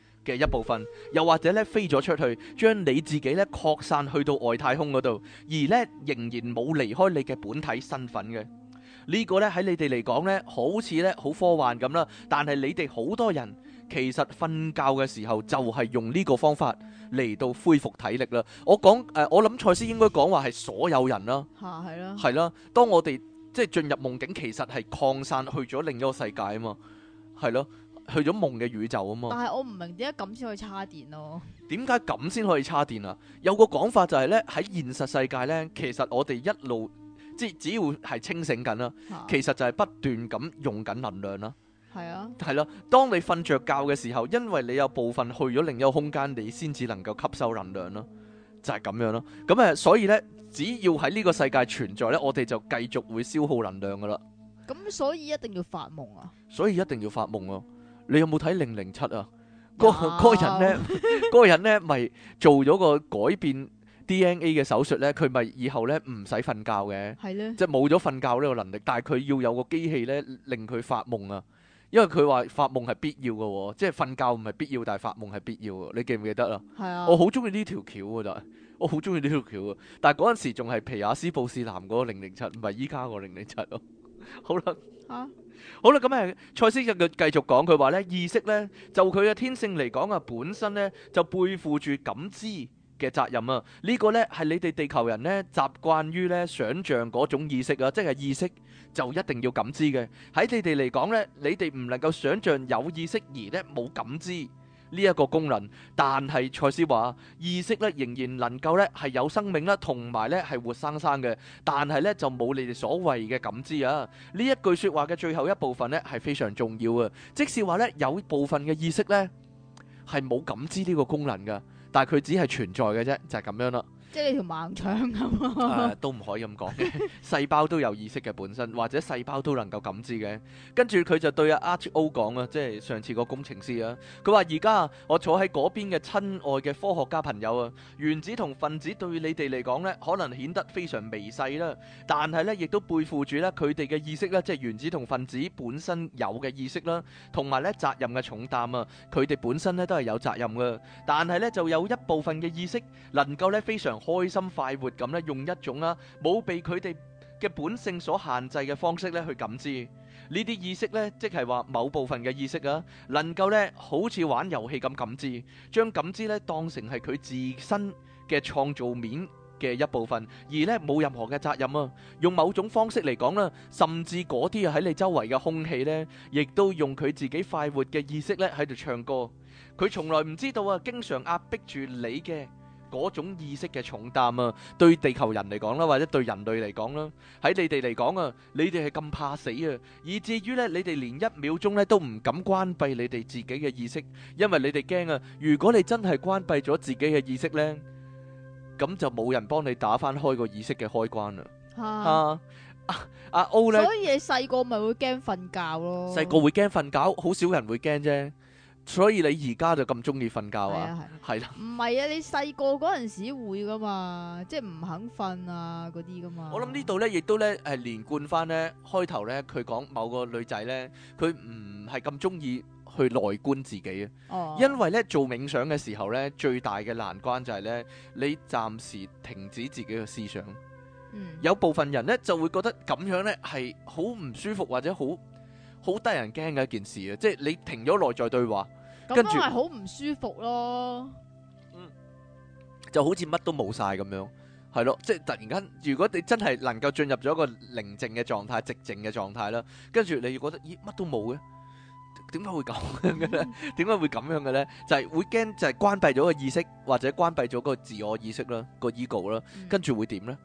嘅一部分，又或者咧飛咗出去，將你自己咧擴散去到外太空嗰度，而咧仍然冇離開你嘅本體身份嘅。這個、呢個咧喺你哋嚟講咧，好似咧好科幻咁啦。但係你哋好多人其實瞓覺嘅時候就係用呢個方法嚟到恢復體力啦。我講誒、呃，我諗賽斯應該講話係所有人啦。吓係啦。係啦，當我哋即係進入夢境，其實係擴散去咗另一個世界啊嘛，係咯。去咗夢嘅宇宙啊嘛，但係我唔明點解咁先可以叉電咯、啊？點解咁先可以叉電啊？有個講法就係、是、咧，喺現實世界咧，其實我哋一路即係只要係清醒緊啦，啊、其實就係不斷咁用緊能量啦。係啊，係咯、啊。當你瞓着覺嘅時候，因為你有部分去咗另一個空間，你先至能夠吸收能量咯。就係、是、咁樣咯、啊。咁誒，所以咧，只要喺呢個世界存在咧，我哋就繼續會消耗能量噶啦。咁所以一定要發夢啊？所以一定要發夢咯、啊。你有冇睇零零七啊？嗰個 No. 人咧，嗰個 <laughs> <laughs> 人咧，咪、就是、做咗個改變 DNA 嘅手術咧？佢咪以後咧唔使瞓覺嘅，即係冇咗瞓覺呢個能力。但係佢要有個機器咧，令佢發夢啊！因為佢話發夢係必要嘅喎、哦，即係瞓覺唔係必要，但係發夢係必要嘅。你記唔記得啊？ <laughs> 我好中意呢條橋㗎，我好中意呢條橋啊！但係嗰陣時仲係皮亞斯布士南嗰個零零七，唔係依家個零零七咯。 <laughs> 好啦了，好啦，咁啊，塞斯就繼續講，佢話咧意識呢，就佢嘅天性嚟講啊，本身呢就背負住感知嘅責任啊，呢、這個呢係你哋地球人咧習慣於咧想象嗰種意識啊，即係意識就一定要感知嘅，喺你哋嚟講咧，你哋唔能夠想象有意識而咧冇感知。呢一個功能，但係賽斯話意識咧仍然能夠咧係有生命啦，同埋咧係活生生嘅，但係咧就冇你哋所謂嘅感知啊。呢一句説話嘅最後一部分咧係非常重要嘅，即使話咧有部分嘅意識咧係冇感知呢個功能嘅，但係佢只係存在嘅啫，就係咁樣啦。即係你條盲腸咁啊，都唔可以咁講嘅，細胞都有意識嘅本身，或者細胞都能夠感知嘅。跟住佢就對阿阿 t o 講啊，即係上次個工程師啊，佢話而家我坐喺嗰邊嘅親愛嘅科學家朋友啊，原子同分子對你哋嚟講呢，可能顯得非常微細啦，但係呢，亦都背負住呢佢哋嘅意識呢，即係原子同分子本身有嘅意識啦，同埋呢責任嘅重擔啊，佢哋本身呢，都係有責任嘅。但係呢，就有一部分嘅意識能夠呢非常。開心快活咁咧，用一種啊冇被佢哋嘅本性所限制嘅方式咧去感知呢啲意識咧，即係話某部分嘅意識啊，能夠咧好似玩遊戲咁感知，將感知咧當成係佢自身嘅創造面嘅一部分，而咧冇任何嘅責任啊，用某種方式嚟講啦，甚至嗰啲啊喺你周圍嘅空氣咧，亦都用佢自己快活嘅意識咧喺度唱歌，佢從來唔知道啊，經常壓迫住你嘅。嗰種意識嘅重擔啊，對地球人嚟講啦，或者對人類嚟講啦，喺你哋嚟講啊，你哋係咁怕死啊，以至於咧，你哋連一秒鐘咧都唔敢關閉你哋自己嘅意識，因為你哋驚啊，如果你真係關閉咗自己嘅意識咧，咁就冇人幫你打翻開個意識嘅開關啦。啊啊阿歐咧，所以你細個咪會驚瞓覺咯，細個會驚瞓覺，好少人會驚啫。所以你而家就咁中意瞓覺啊？係啦，唔係啊？你細個嗰陣時會噶嘛？即係唔肯瞓啊嗰啲噶嘛？我諗呢度咧，亦都咧係連貫翻咧開頭咧，佢講某個女仔咧，佢唔係咁中意去內觀自己啊。哦，因為咧做冥想嘅時候咧，最大嘅難關就係咧，你暫時停止自己嘅思想。嗯，有部分人咧就會覺得咁樣咧係好唔舒服或者好。好得人驚嘅一件事啊，即係你停咗內在對話，跟住係好唔舒服咯。嗯，就好似乜都冇晒咁樣，係咯，即係突然間，如果你真係能夠進入咗一個寧靜嘅狀態、寂靜嘅狀態啦，跟住你要覺得咦，乜都冇嘅，點解會咁樣嘅咧？點解會咁樣嘅咧？就係會驚，就係關閉咗個意識或者關閉咗個自我意識啦，個 ego 啦，跟住會點咧？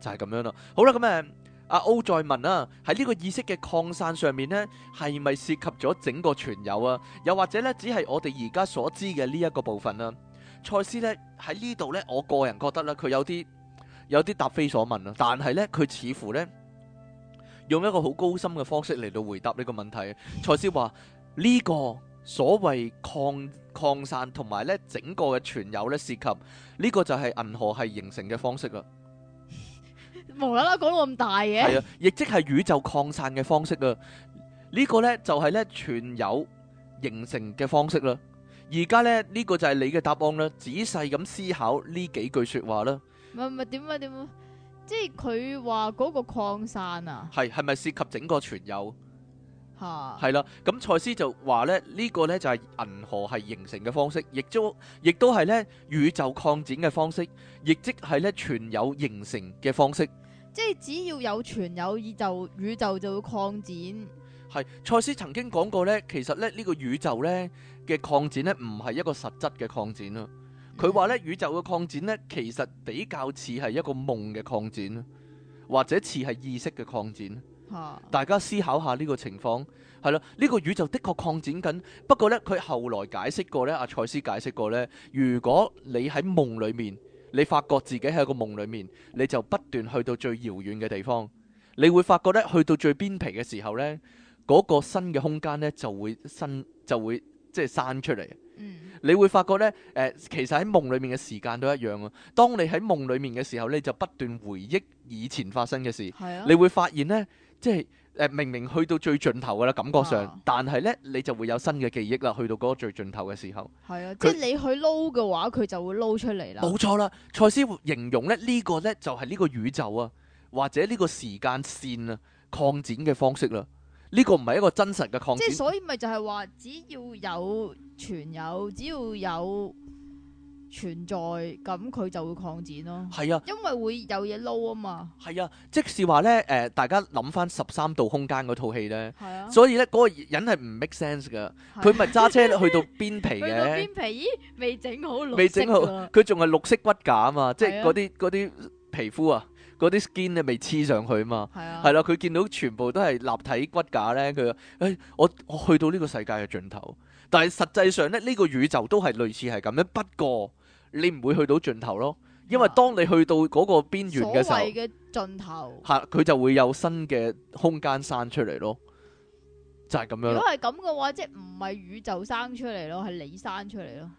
就係咁樣啦。好啦，咁誒。阿歐、啊、再問啦、啊，喺呢個意識嘅擴散上面呢，係咪涉及咗整個全有啊？又或者呢，只係我哋而家所知嘅呢一個部分啦、啊？賽斯呢，喺呢度呢，我個人覺得呢，佢有啲有啲答非所問啊。但係呢，佢似乎呢用一個好高深嘅方式嚟到回答呢個問題。賽斯話：呢、這個所謂擴擴散同埋呢整個嘅全有呢，涉及呢、這個就係銀河系形成嘅方式噶、啊。無啦啦，講到咁大嘅，係 <laughs> 啊，亦即係宇宙擴散嘅方式啊。呢、這個呢就係、是、呢存有形成嘅方式啦、啊。而家呢，呢、這個就係你嘅答案啦。仔細咁思考呢幾句說話啦。唔係唔係點啊點啊，即係佢話嗰個擴散啊，係係咪涉及整個存有？吓哈，係啦、啊。咁賽斯就話、這個、呢，呢個呢就係、是、銀河系形成嘅方式，亦、就是、都亦都係咧宇宙擴展嘅方式，亦即係呢存有形成嘅方式。即係只要有存有，意，就宇宙就會擴展。係，蔡斯曾經講過呢，其實咧呢個宇宙呢嘅擴展呢唔係一個實質嘅擴展咯。佢話呢，宇宙嘅擴展呢其實比較似係一個夢嘅擴展或者似係意識嘅擴展。啊、大家思考下呢個情況，係咯，呢、呢個宇宙的確擴展緊。不過呢，佢後來解釋過呢，阿蔡斯解釋過呢，如果你喺夢裏面。你發覺自己喺個夢裏面，你就不斷去到最遙遠嘅地方。你會發覺咧，去到最邊皮嘅時候呢，嗰個新嘅空間呢，就會新就會即係生出嚟。嗯，你會發覺呢，誒，其實喺夢裏面嘅時間都一樣咯。當你喺夢裏面嘅時候咧，你就不斷回憶以前發生嘅事。係啊，你會發現呢，即係。明明去到最盡頭㗎啦，感覺上，啊、但係呢，你就會有新嘅記憶啦。去到嗰個最盡頭嘅時候，係啊，它即係你去撈嘅話，佢就會撈出嚟啦。冇錯啦，賽斯形容咧呢個呢，就係呢個宇宙啊，或者呢個時間線啊擴展嘅方式啦。呢、呢個唔係一個真實嘅擴展，即係所以咪就係話只要有存有，只要有。存在咁佢就會擴展咯，係啊，因為會有嘢撈啊嘛，係啊，即是話咧誒，大家諗翻十三度空間嗰套戲咧，係啊，所以咧嗰個人係唔 make sense 㗎，佢咪揸車去到邊皮嘅咧， <laughs> 邊皮咦未整好綠未整好，佢仲係綠色骨架啊嘛，即係嗰啲嗰啲皮膚啊，嗰啲 skin 咧未黐上去啊嘛，係啊，係啦、啊，佢見到全部都係立體骨架咧，佢誒、哎、我我去到呢個世界嘅盡頭，但係實際上咧呢個宇,宇宙都係類似係咁樣,樣，不過。你唔會去到盡頭咯，因為當你去到嗰個邊緣嘅時候，所謂嘅盡頭，係佢就會有新嘅空間生出嚟咯，就係咁樣。如果係咁嘅話，即係唔係宇宙生出嚟咯，係你生出嚟咯。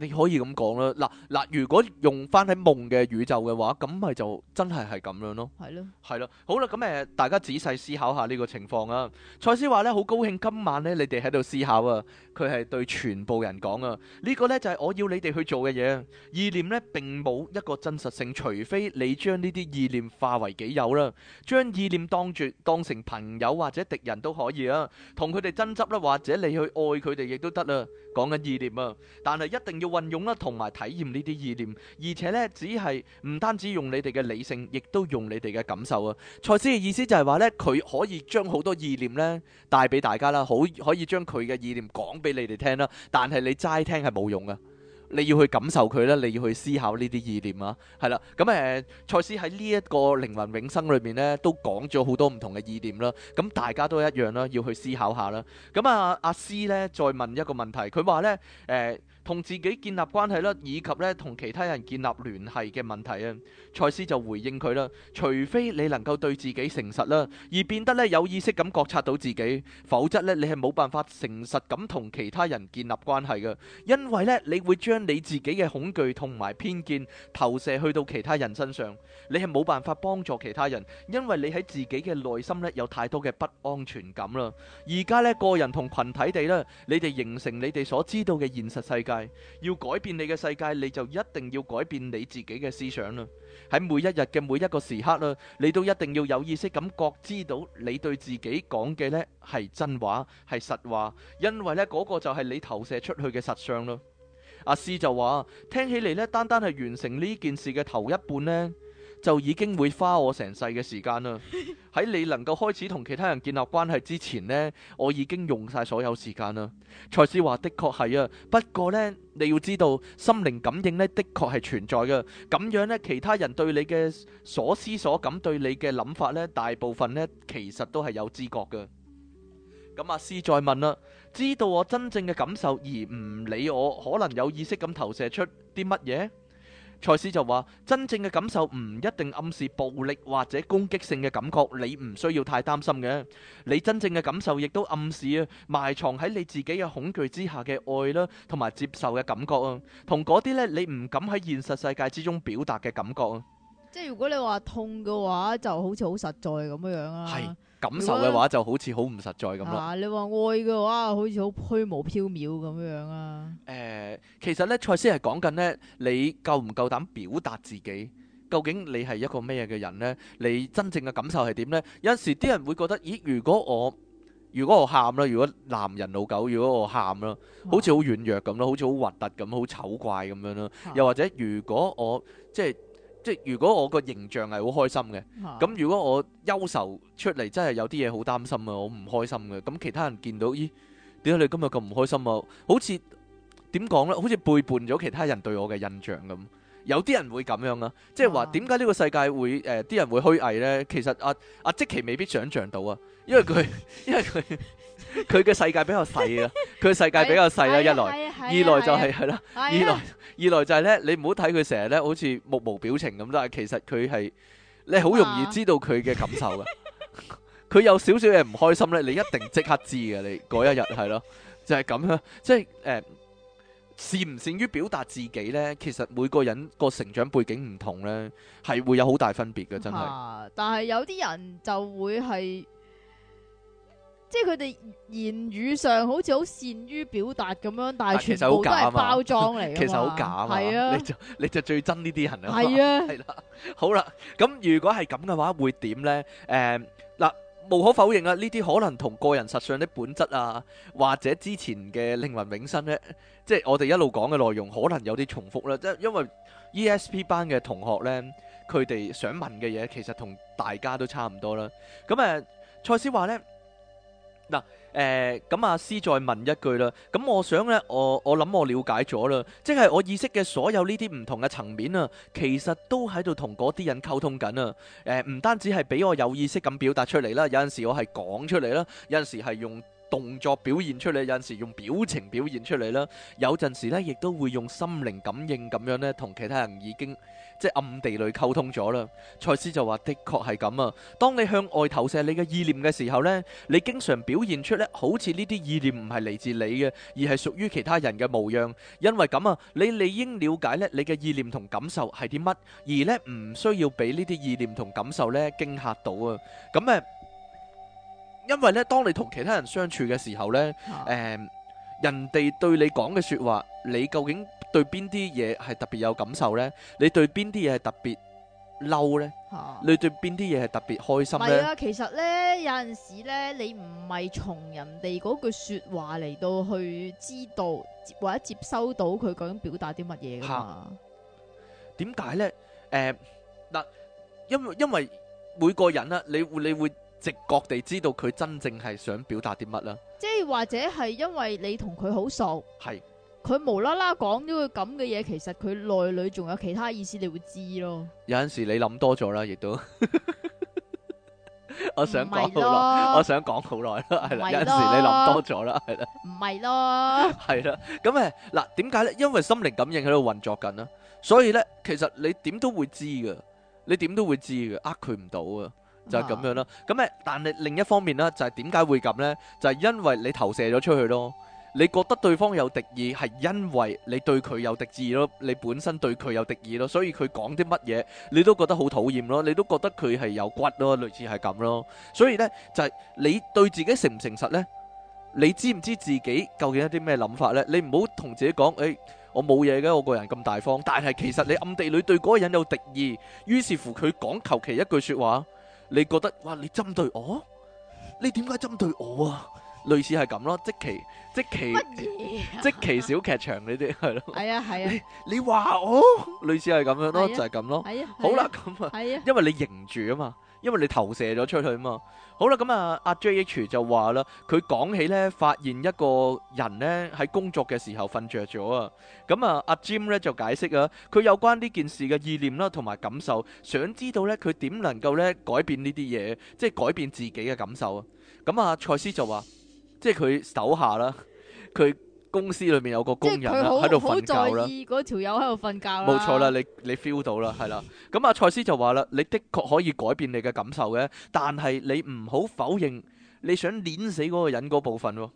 你可以咁講啦，嗱嗱，如果用翻喺夢嘅宇宙嘅話，咁咪就真係係咁樣咯。係咯的，係咯。好啦，咁誒，大家仔細思考下呢個情況啊。賽斯話咧，好高興今晚咧，你哋喺度思考啊。佢係對全部人講啊。這個、呢個咧就係、是、我要你哋去做嘅嘢。意念咧並冇一個真實性，除非你將呢啲意念化為己有啦，將意念當住當成朋友或者敵人都可以啊。同佢哋爭執啦，或者你去愛佢哋亦都得啦。講緊意念啊，但係一定要運用啦，同埋體驗呢啲意念，而且呢只係唔單止用你哋嘅理性，亦都用你哋嘅感受啊。賽斯嘅意思就係話呢，佢可以將好多意念呢帶俾大家啦，好可以將佢嘅意念講俾你哋聽啦，但係你齋聽係冇用噶。你要去感受佢咧，你要去思考呢啲意念啊，係啦，咁、嗯、誒，賽斯喺呢一個靈魂永生裏面咧，都講咗好多唔同嘅意念啦，咁、嗯、大家都一樣啦，要去思考下啦。咁、嗯、啊，阿師咧再問一個問題，佢話咧誒。嗯同自己建立關係啦，以及咧同其他人建立聯繫嘅問題啊，賽斯就回應佢啦。除非你能夠對自己誠實啦，而變得咧有意識咁覺察到自己，否則咧你係冇辦法誠實咁同其他人建立關係嘅。因為咧你會將你自己嘅恐懼同埋偏見投射去到其他人身上，你係冇辦法幫助其他人，因為你喺自己嘅內心咧有太多嘅不安全感啦。而家咧個人同群體地咧，你哋形成你哋所知道嘅現實世界。要改變你嘅世界，你就一定要改變你自己嘅思想啦。喺每一日嘅每一個時刻啦，你都一定要有意識咁覺知道你對自己講嘅咧係真話，係實話，因為咧嗰個就係你投射出去嘅實相咯。阿詩就話，聽起嚟咧，單單係完成呢件事嘅頭一半咧。就已經會花我成世嘅時間啦。喺 <laughs> 你能夠開始同其他人建立關係之前呢，我已經用晒所有時間啦。蔡思話的確係啊，不過呢，你要知道心靈感應呢的確係存在噶。咁樣呢，其他人對你嘅所思所感，對你嘅諗法呢，大部分呢其實都係有知覺噶。咁阿思再問啦，知道我真正嘅感受而唔理我，可能有意識咁投射出啲乜嘢？賽斯就話：真正嘅感受唔一定暗示暴力或者攻擊性嘅感覺，你唔需要太擔心嘅。你真正嘅感受亦都暗示啊，埋藏喺你自己嘅恐懼之下嘅愛啦、啊，同埋接受嘅感覺啊，同嗰啲咧你唔敢喺現實世界之中表達嘅感覺啊。即係如果你話痛嘅話，就好似好實在咁樣樣啊。係。感受嘅話就好似好唔實在咁啦、啊。你話愛嘅話好似好虛無縹緲咁樣啊。誒、呃，其實呢，蔡思係講緊呢，你夠唔夠膽表達自己？究竟你係一個咩嘅人呢？你真正嘅感受係點呢？有時啲人會覺得，咦，如果我如果我喊啦，如果男人老狗，如果我喊啦，好似好軟弱咁咯，哇好似好核突咁，好醜怪咁樣咯。啊、又或者，如果我即係。即係如果我個形象係好開心嘅，咁如果我憂愁出嚟，真係有啲嘢好擔心啊，我唔開心嘅。咁其他人見到，咦？點解你今日咁唔開心啊？好似點講呢？好似背叛咗其他人對我嘅印象咁。有啲人會咁樣啊。即係話點解呢個世界會誒啲人會虛偽呢？其實啊啊即其未必想象到啊，因為佢因為佢。佢嘅世界比較細啊，佢嘅 <laughs> 世界比較細啦， <laughs> 哎、呀一來，哎哎、二來就係係啦，哎、呀二來二來就係、是、咧，你唔好睇佢成日咧好似目無表情咁，但係其實佢係你好容易知道佢嘅感受噶，佢、啊、 <laughs> <laughs> 有少少嘢唔開心咧，你一定即刻知嘅。你嗰一日係咯，就係咁樣，即係誒，善唔善於表達自己咧，其實每個人個成長背景唔同咧，係會有好大分別嘅，真係。但係有啲人就會係。即係佢哋言語上好似好善於表達咁樣，但係全部都係包裝嚟，其實好假係 <laughs> 是啊你，你就你就最憎呢啲人是啊是的！係 <laughs> 啊，係啦，好啦，咁如果係咁嘅話，會點咧？誒，嗱，無可否認啊，呢啲可能同個人實相的本質啊，或者之前嘅靈魂永生咧，即係我哋一路講嘅內容，可能有啲重複啦。即係因為 E S P 班嘅同學咧，佢哋想問嘅嘢，其實同大家都差唔多啦。咁誒、呃，賽斯話咧。嗱，誒、嗯，咁阿師再問一句啦，咁、嗯、我想咧，我我諗我了解咗啦，即係我意識嘅所有呢啲唔同嘅層面啊，其實都喺度同嗰啲人溝通緊啊，誒、嗯，唔單止係俾我有意識咁表達出嚟啦，有陣時我係講出嚟啦，有陣時係用動作表現出嚟，有陣時用表情表現出嚟啦，有陣時咧亦都會用心靈感應咁樣咧，同其他人已經。即係暗地裏溝通咗啦，賽斯就話的確係咁啊。當你向外投射你嘅意念嘅時候呢，你經常表現出呢，好似呢啲意念唔係嚟自你嘅，而係屬於其他人嘅模樣。因為咁啊，你理應了解呢，你嘅意念同感受係啲乜，而呢唔需要俾呢啲意念同感受呢驚嚇到啊。咁誒，因為呢，當你同其他人相處嘅時候呢，誒，人哋對你講嘅說話，你究竟？對邊啲嘢係特別有感受呢？你對邊啲嘢係特別嬲呢？啊、你對邊啲嘢係特別開心咧？唔係啊，其實呢，有陣時咧，你唔係從人哋嗰句說話嚟到去知道或者接收到佢究竟表達啲乜嘢噶嘛？點解呢？誒、呃，嗱、啊，因為因為每個人啦、啊，你會你會直覺地知道佢真正係想表達啲乜啦。即係或者係因為你同佢好熟。係。佢無啦啦講呢個咁嘅嘢，其實佢內裏仲有其他意思，你會知咯。有陣時你諗多咗啦，亦都，我想講好耐，我想講好耐咯。係啦，有陣時你諗多咗啦，係啦，唔係咯，係啦。咁誒，嗱，點解咧？因為心靈感應喺度運作緊啦，所以咧，其實你點都會知噶，你點都會知噶，呃佢唔到啊，就係咁樣咯。咁誒，但係另一方面咧，就係點解會咁咧？就係因為你投射咗出去咯。你覺得對方有敵意，係因為你對佢有敵意咯，你本身對佢有敵意咯，所以佢講啲乜嘢，你都覺得好討厭咯，你都覺得佢係有骨咯，類似係咁咯。所以呢就係你對自己誠唔誠實呢？你知唔知自己究竟有啲咩諗法呢？你唔好同自己講，誒，我冇嘢嘅，我個人咁大方，但係其實你暗地裏對嗰個人有敵意，於是乎佢講求其一句說話，你覺得哇，你針對我？你點解針對我啊？類似係咁咯，即其即其即其小劇場呢啲係咯，係啊，係啊，你話我類似係咁樣咯，就係咁咯，係啊，好啦咁啊，係啊，因為你凝住啊嘛，因為你投射咗出去啊嘛，好啦咁啊，阿 JH 就話啦，佢講起咧發現一個人咧喺工作嘅時候瞓著咗啊，咁啊阿 Jim 咧就解釋啊，佢有關呢件事嘅意念啦同埋感受，想知道咧佢點能夠咧改變呢啲嘢，即係改變自己嘅感受啊，咁啊賽斯就話。即係佢手下啦，佢公司裏面有個工人喺度瞓覺啦。即係佢好唔好在意嗰條友喺度瞓覺啦？冇錯啦，你你 feel 到 <laughs> 啦，係啦。咁阿蔡司就話啦，你的確可以改變你嘅感受嘅，但係你唔好否認你想碾死嗰個人嗰部分，啊。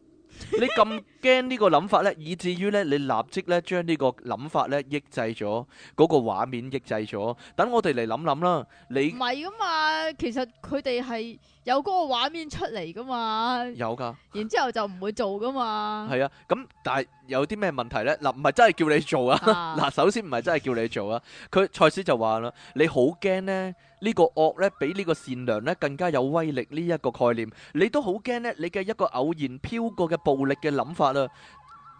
你咁驚呢個諗法呢， <laughs> 以至於呢，你立即呢將呢個諗法呢抑制咗，嗰、嗰個畫面抑制咗。等我哋嚟諗諗啦。你唔係噶嘛？其實佢哋係。有嗰個畫面出嚟噶嘛？有噶的，然之後就唔會做噶嘛。係 <laughs> 啊，咁但係有啲咩問題呢？嗱、啊，唔係真係叫你做啊。嗱， <laughs> <laughs> 首先唔係真係叫你做啊。佢賽斯就話啦，你好驚咧呢、呢個惡咧比呢個善良咧更加有威力呢一個概念，你都好驚咧你嘅一個偶然飄過嘅暴力嘅諗法啊。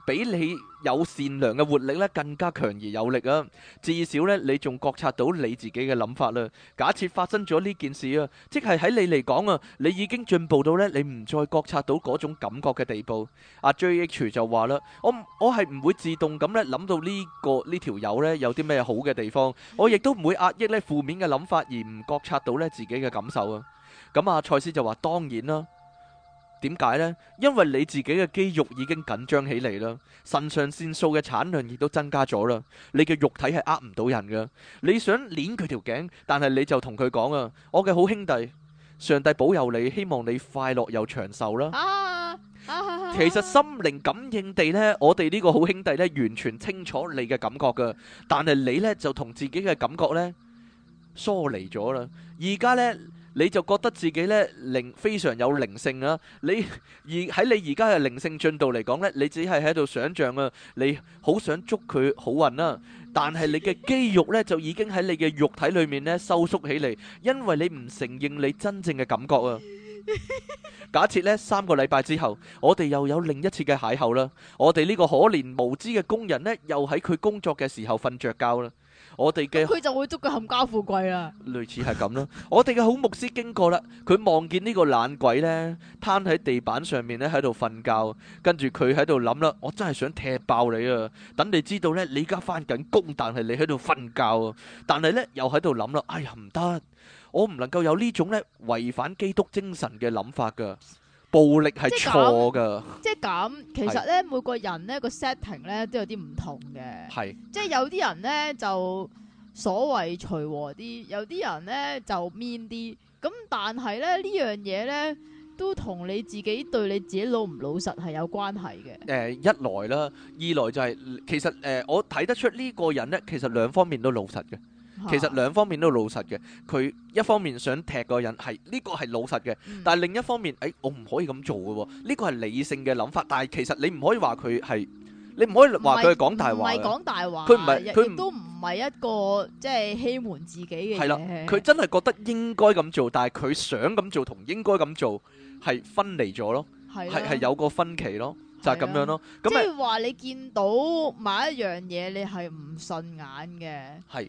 比你有善良嘅活力呢更加強而有力啊！至少呢，你仲覺察到你自己嘅諗法啦。假設發生咗呢件事啊，即係喺你嚟講啊，你已經進步到呢，你唔再覺察到嗰種感覺嘅地步。阿、啊、J H 就話啦：我我係唔會自動咁呢諗到呢、呢個呢條友呢有啲咩好嘅地方，我亦都唔會壓抑呢負面嘅諗法而唔覺察到呢自己嘅感受啊。咁阿賽斯就話：當然啦。點解咧？因為你自己嘅肌肉已經緊張起嚟啦，腎上腺素嘅產量亦都增加咗啦。你嘅肉體係呃唔到人噶，你想捻佢條頸，但係你就同佢講啊：我嘅好兄弟，上帝保佑你，希望你快樂又長壽啦。啊！其實心靈感應地咧，我哋呢個好兄弟咧，完全清楚你嘅感覺噶，但係你咧就同自己嘅感覺咧疏離咗啦。而家咧。你就覺得自己呢靈非常有靈性啊！你而喺你而家嘅靈性進度嚟講呢，你只係喺度想像啊！你好想祝佢好運啦，但係你嘅肌肉呢就已經喺你嘅肉體裏面呢收縮起嚟，因為你唔承認你真正嘅感覺啊！假設呢三個禮拜之後，我哋又有另一次嘅邂逅啦，我哋呢個可憐無知嘅工人呢，又喺佢工作嘅時候瞓著覺啦。我哋嘅佢就會捉佢冚家富貴啦，類似係咁啦。我哋嘅好牧師經過啦，佢望見呢個懶鬼呢，攤喺地板上面呢喺度瞓覺，跟住佢喺度諗啦，我真係想踢爆你啊！等你知道呢，你而家返緊工，但係你喺度瞓覺啊！但係呢又喺度諗啦，哎呀唔得，我唔能夠有呢種呢違反基督精神嘅諗法噶。暴力係錯㗎，即係咁。其實咧，每個人咧個 setting 咧都有啲唔同嘅，是即係有啲人咧就所謂隨和啲，有啲人咧就 mean 啲。咁但係咧呢樣嘢咧都同你自己對你自己老唔老實係有關係嘅。誒、呃、一來啦，二來就係、是、其實誒、呃、我睇得出呢個人咧，其實兩方面都老實嘅。其實兩方面都老實嘅，佢一方面想踢嗰人係呢個係老實嘅，但係另一方面，誒、哎、我唔可以咁做嘅，呢個係理性嘅諗法。但係其實你唔可以話佢係，我你唔可以話佢係講大話。唔係講大話，佢唔係，佢都唔係一個即係、就是、欺瞞自己嘅。係啦、啊，佢真係覺得應該咁做，但係佢想咁做同應該咁做係分離咗咯，係係、啊、有個分歧咯，就係、是、咁樣咯。咁即係話你見到某一樣嘢，你係唔順眼嘅。係。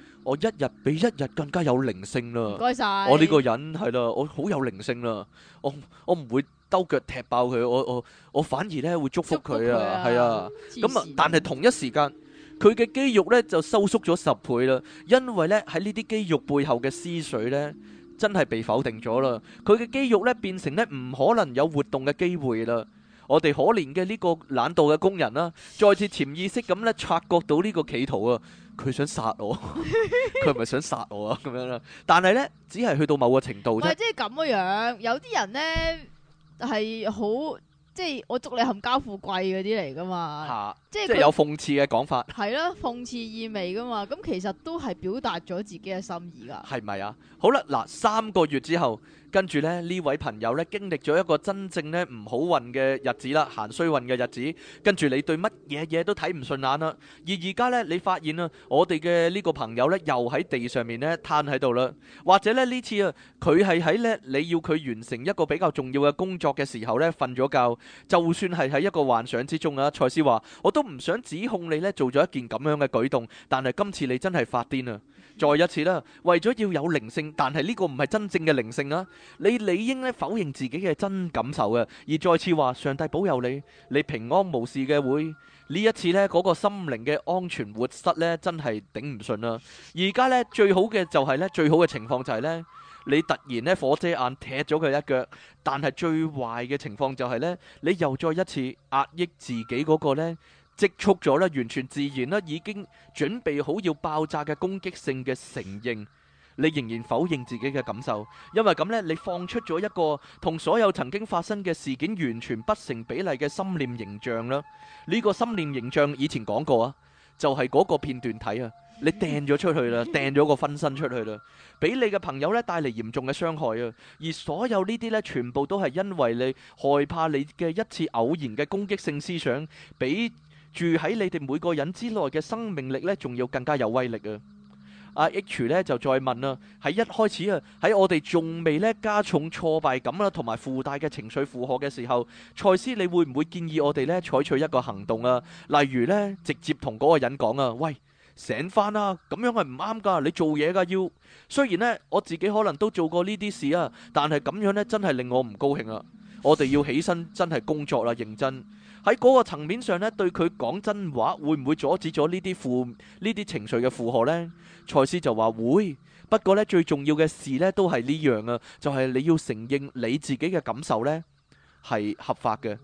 我一日比一日更加有靈性啦！唔該晒，我呢個人係啦，我好有靈性啦。我我唔會兜腳踢爆佢，我我我反而咧會祝福佢啊，係啊。咁啊，但係同一時間，佢嘅肌肉咧就收縮咗十倍啦，因為咧喺呢啲肌肉背後嘅思緒咧，真係被否定咗啦。佢嘅肌肉咧變成咧唔可能有活動嘅機會啦。我哋可憐嘅呢個懶惰嘅工人啦，再次潛意識咁咧察覺到呢個企圖啊！佢想殺我， <laughs> 想殺我，佢唔係想殺我啊，咁樣啦。但係咧，只係去到某個程度啫。即係咁嘅樣，有啲人咧係好，即係、就是、我祝你冚家富貴嗰啲嚟㗎嘛。即係有諷刺嘅講法，係咯，啊，諷刺意味噶嘛？咁其實都係表達咗自己嘅心意噶，係咪啊？好啦，嗱，三個月之後，跟住咧呢位朋友咧經歷咗一個真正咧唔好運嘅日子啦，行衰運嘅日子。跟住你對乜嘢嘢都睇唔順眼啦。而而家咧你發現啦，我哋嘅呢個朋友咧又喺地上面咧攤喺度啦。或者咧呢次啊，佢係喺咧你要佢完成一個比較重要嘅工作嘅時候咧瞓咗覺，就算係喺一個幻想之中啊。蔡思話，我都。都唔想指控你呢做咗一件咁樣嘅舉動，但係今次你真係發癲啊！再一次啦，為咗要有靈性，但係呢個唔係真正嘅靈性啊！你理應咧否認自己嘅真感受嘅、啊，而再次話上帝保佑你，你平安無事嘅會呢一次呢，嗰、嗰個心靈嘅安全活塞呢，真係頂唔順啦。而家呢，最好嘅就係呢，最好嘅情況就係呢，你突然呢火遮眼踢咗佢一腳，但係最壞嘅情況就係呢，你又再一次壓抑自己嗰個呢。積蓄咗咧，完全自然啦，已經準備好要爆炸嘅攻擊性嘅承認，你仍然否認自己嘅感受，因為咁呢，你放出咗一個同所有曾經發生嘅事件完全不成比例嘅心念形象啦。呢個心念形象以前講過啊，就係嗰個片段體啊，你掟咗出去啦，掟咗個分身出去啦，俾你嘅朋友呢帶嚟嚴重嘅傷害啊。而所有呢啲呢，全部都係因為你害怕你嘅一次偶然嘅攻擊性思想俾。住喺你哋每個人之內嘅生命力呢，仲要更加有威力啊！阿 H 呢，就再問啦，喺一開始啊，喺我哋仲未呢加重挫敗感啦，同埋附帶嘅情緒負荷嘅時候，賽斯你會唔會建議我哋呢採取一個行動啊？例如呢，直接同嗰個人講啊，喂，醒翻啦，咁樣係唔啱噶，你做嘢噶要，雖然呢，我自己可能都做過呢啲事啊，但係咁樣呢，真係令我唔高興啊。我哋要起身真係工作啦，認真。喺嗰個層面上咧，對佢講真話會唔會阻止咗呢啲負呢啲情緒嘅負荷咧？賽斯就話會，不過咧，最重要嘅事咧都係呢樣啊，就係你要承認你自己嘅感受咧係合法嘅，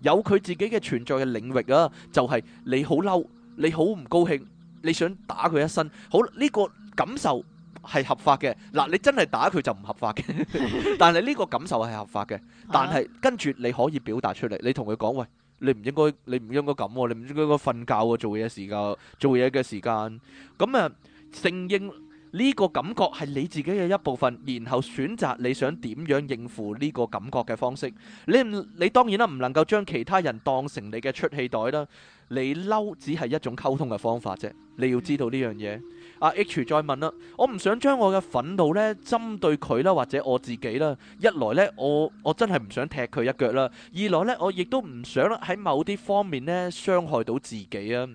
有佢自己嘅存在嘅領域噶，就係你好嬲，你好唔高興，你想打佢一身，好，呢個感受係合法嘅。嗱，你真係打佢就唔合法嘅，但係呢個感受係合法嘅，但係跟住你可以表達出嚟，你同佢講喂。你唔應該，你唔應該咁喎、啊，你唔應該瞓覺喎、啊，做嘢時間，做嘢嘅時間。咁啊，承認呢個感覺係你自己嘅一部分，然後選擇你想點樣應付呢個感覺嘅方式。你唔，你當然啦，唔能夠將其他人當成你嘅出氣袋啦。你嬲只係一種溝通嘅方法啫，你要知道呢樣嘢。阿 H 再問啦，我唔想將我嘅憤怒咧針對佢啦，或者我自己啦。一來咧，我我真係唔想踢佢一腳啦；二來咧，我亦都唔想喺某啲方面咧傷害到自己啊。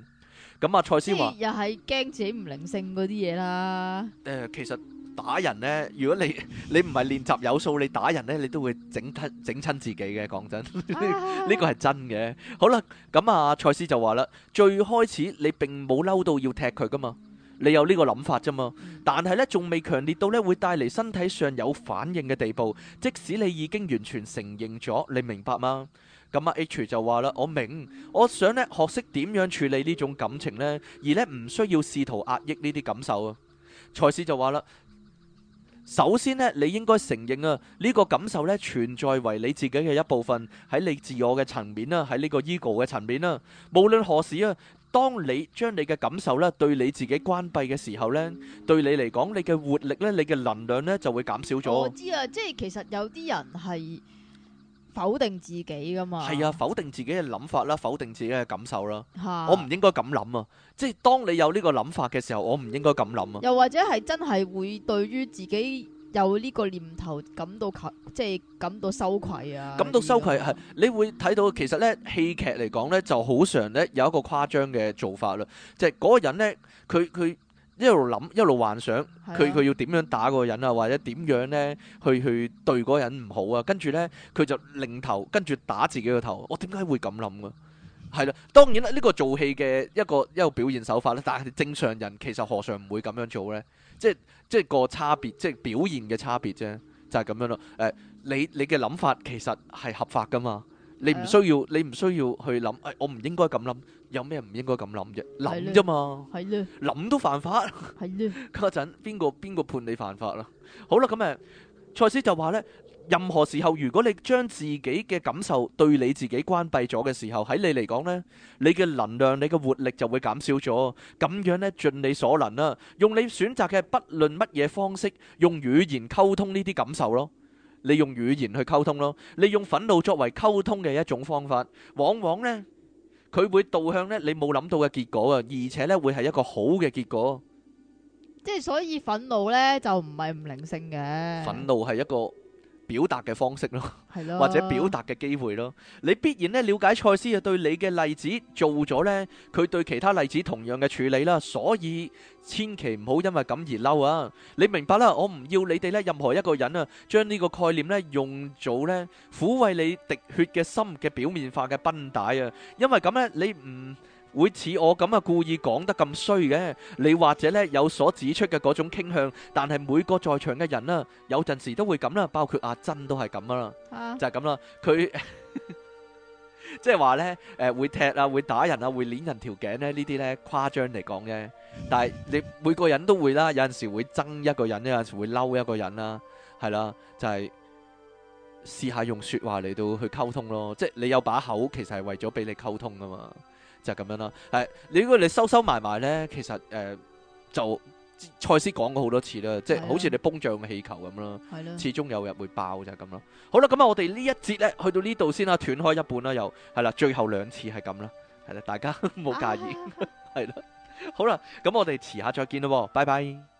咁、嗯、啊，蔡思話、欸、又係驚自己唔靈性嗰啲嘢啦。誒、呃，其實打人咧，如果你你唔係練習有數，你打人咧，你都會整親整親自己嘅。講真，呢個係真嘅。啊啊好啦，咁、嗯、啊，蔡思就話啦，最開始你並冇嬲到要踢佢噶嘛。你有呢個諗法啫嘛？但係呢，仲未強烈到咧會帶嚟身體上有反應嘅地步。即使你已經完全承認咗，你明白嗎？咁阿 H 就話啦：，我明，我想咧學識點樣處理呢種感情呢，而呢唔需要試圖壓抑呢啲感受啊。賽斯就話啦：，首先呢，你應該承認啊，呢個感受咧存在為你自己嘅一部分，喺你自我嘅層面啊，喺呢個 ego 嘅層面啊，無論何時啊。當你將你嘅感受咧對你自己關閉嘅時候咧，對你嚟講你嘅活力咧，你嘅能量咧就會減少咗。我知啊，即係其實有啲人係否定自己噶嘛。係啊，否定自己嘅諗法啦，否定自己嘅感受啦。吓，我唔應該咁諗啊！即係當你有呢個諗法嘅時候，我唔應該咁諗啊。又或者係真係會對於自己，有呢個念頭，感到即係感到羞愧啊！感到羞愧係，你會睇到其實咧，戲劇嚟講咧就好常咧有一個誇張嘅做法啦，即係嗰個人咧，佢佢一路諗，一路幻想，佢佢要點樣打嗰個人啊，或者點樣咧去去對嗰人唔好啊，跟住咧佢就擰頭，跟住打自己個頭，我點解會咁諗噶？係啦，當然啦，呢個做戲嘅一個一個，一個表現手法啦，但係正常人其實何嘗唔會咁樣做咧？即即個差別，即表現嘅差別啫，就係、是、咁樣咯。誒、呃，你你嘅諗法其實係合法噶嘛？你唔需要，你唔需要去諗。誒、哎，我唔應該咁諗，有咩唔應該咁諗啫？諗啫嘛。係咧，諗都犯法。係咧，嗰陣邊個邊個判你犯法啦？好啦，咁誒，賽斯就話咧。任何時候，如果你將自己嘅感受對你自己關閉咗嘅時候，喺你嚟講呢，你嘅能量、你嘅活力就會減少咗。咁樣呢，盡你所能啦，用你選擇嘅不論乜嘢方式，用語言溝通呢啲感受咯。你用語言去溝通咯，你用憤怒作為溝通嘅一種方法，往往呢佢會導向呢你冇諗到嘅結果啊，而且呢會係一個好嘅結果。即係所以憤怒呢就唔係唔靈性嘅。憤怒係一個。表達嘅方式咯，或者表達嘅機會咯，你必然咧了解賽斯嘅對你嘅例子做咗咧，佢對其他例子同樣嘅處理啦，所以千祈唔好因為咁而嬲啊！你明白啦，我唔要你哋咧任何一個人啊，將呢個概念咧用做咧撫慰你滴血嘅心嘅表面化嘅繃帶啊，因為咁咧你唔會似我咁啊，故意講得咁衰嘅，你或者咧有所指出嘅嗰種傾向，但係每個在場嘅人啦，有陣時都會咁啦，包括阿珍都係咁啊，就係咁啦，佢即係話咧，誒會踢啊，會打人啊，會捻人條頸咧，呢啲咧誇張嚟講嘅，但係你每個人都會啦，有陣時會憎一個人，有陣時會嬲一個人啦，係啦，就係試下用說話嚟到去溝通咯，即係你有把口，其實係為咗俾你溝通噶嘛。就咁樣啦，係你如果你收收埋埋咧，其實誒、呃、就賽斯講過好多次啦，的即係好似你繃脹嘅氣球咁啦，的始終有日會爆就係咁咯。好啦，咁啊，我哋呢一節咧去到呢度先啦，斷開一半啦，又係啦，最後兩次係咁啦，係啦，大家冇介意，係啦， <laughs> <laughs> 好啦，咁我哋遲下再見咯，拜拜。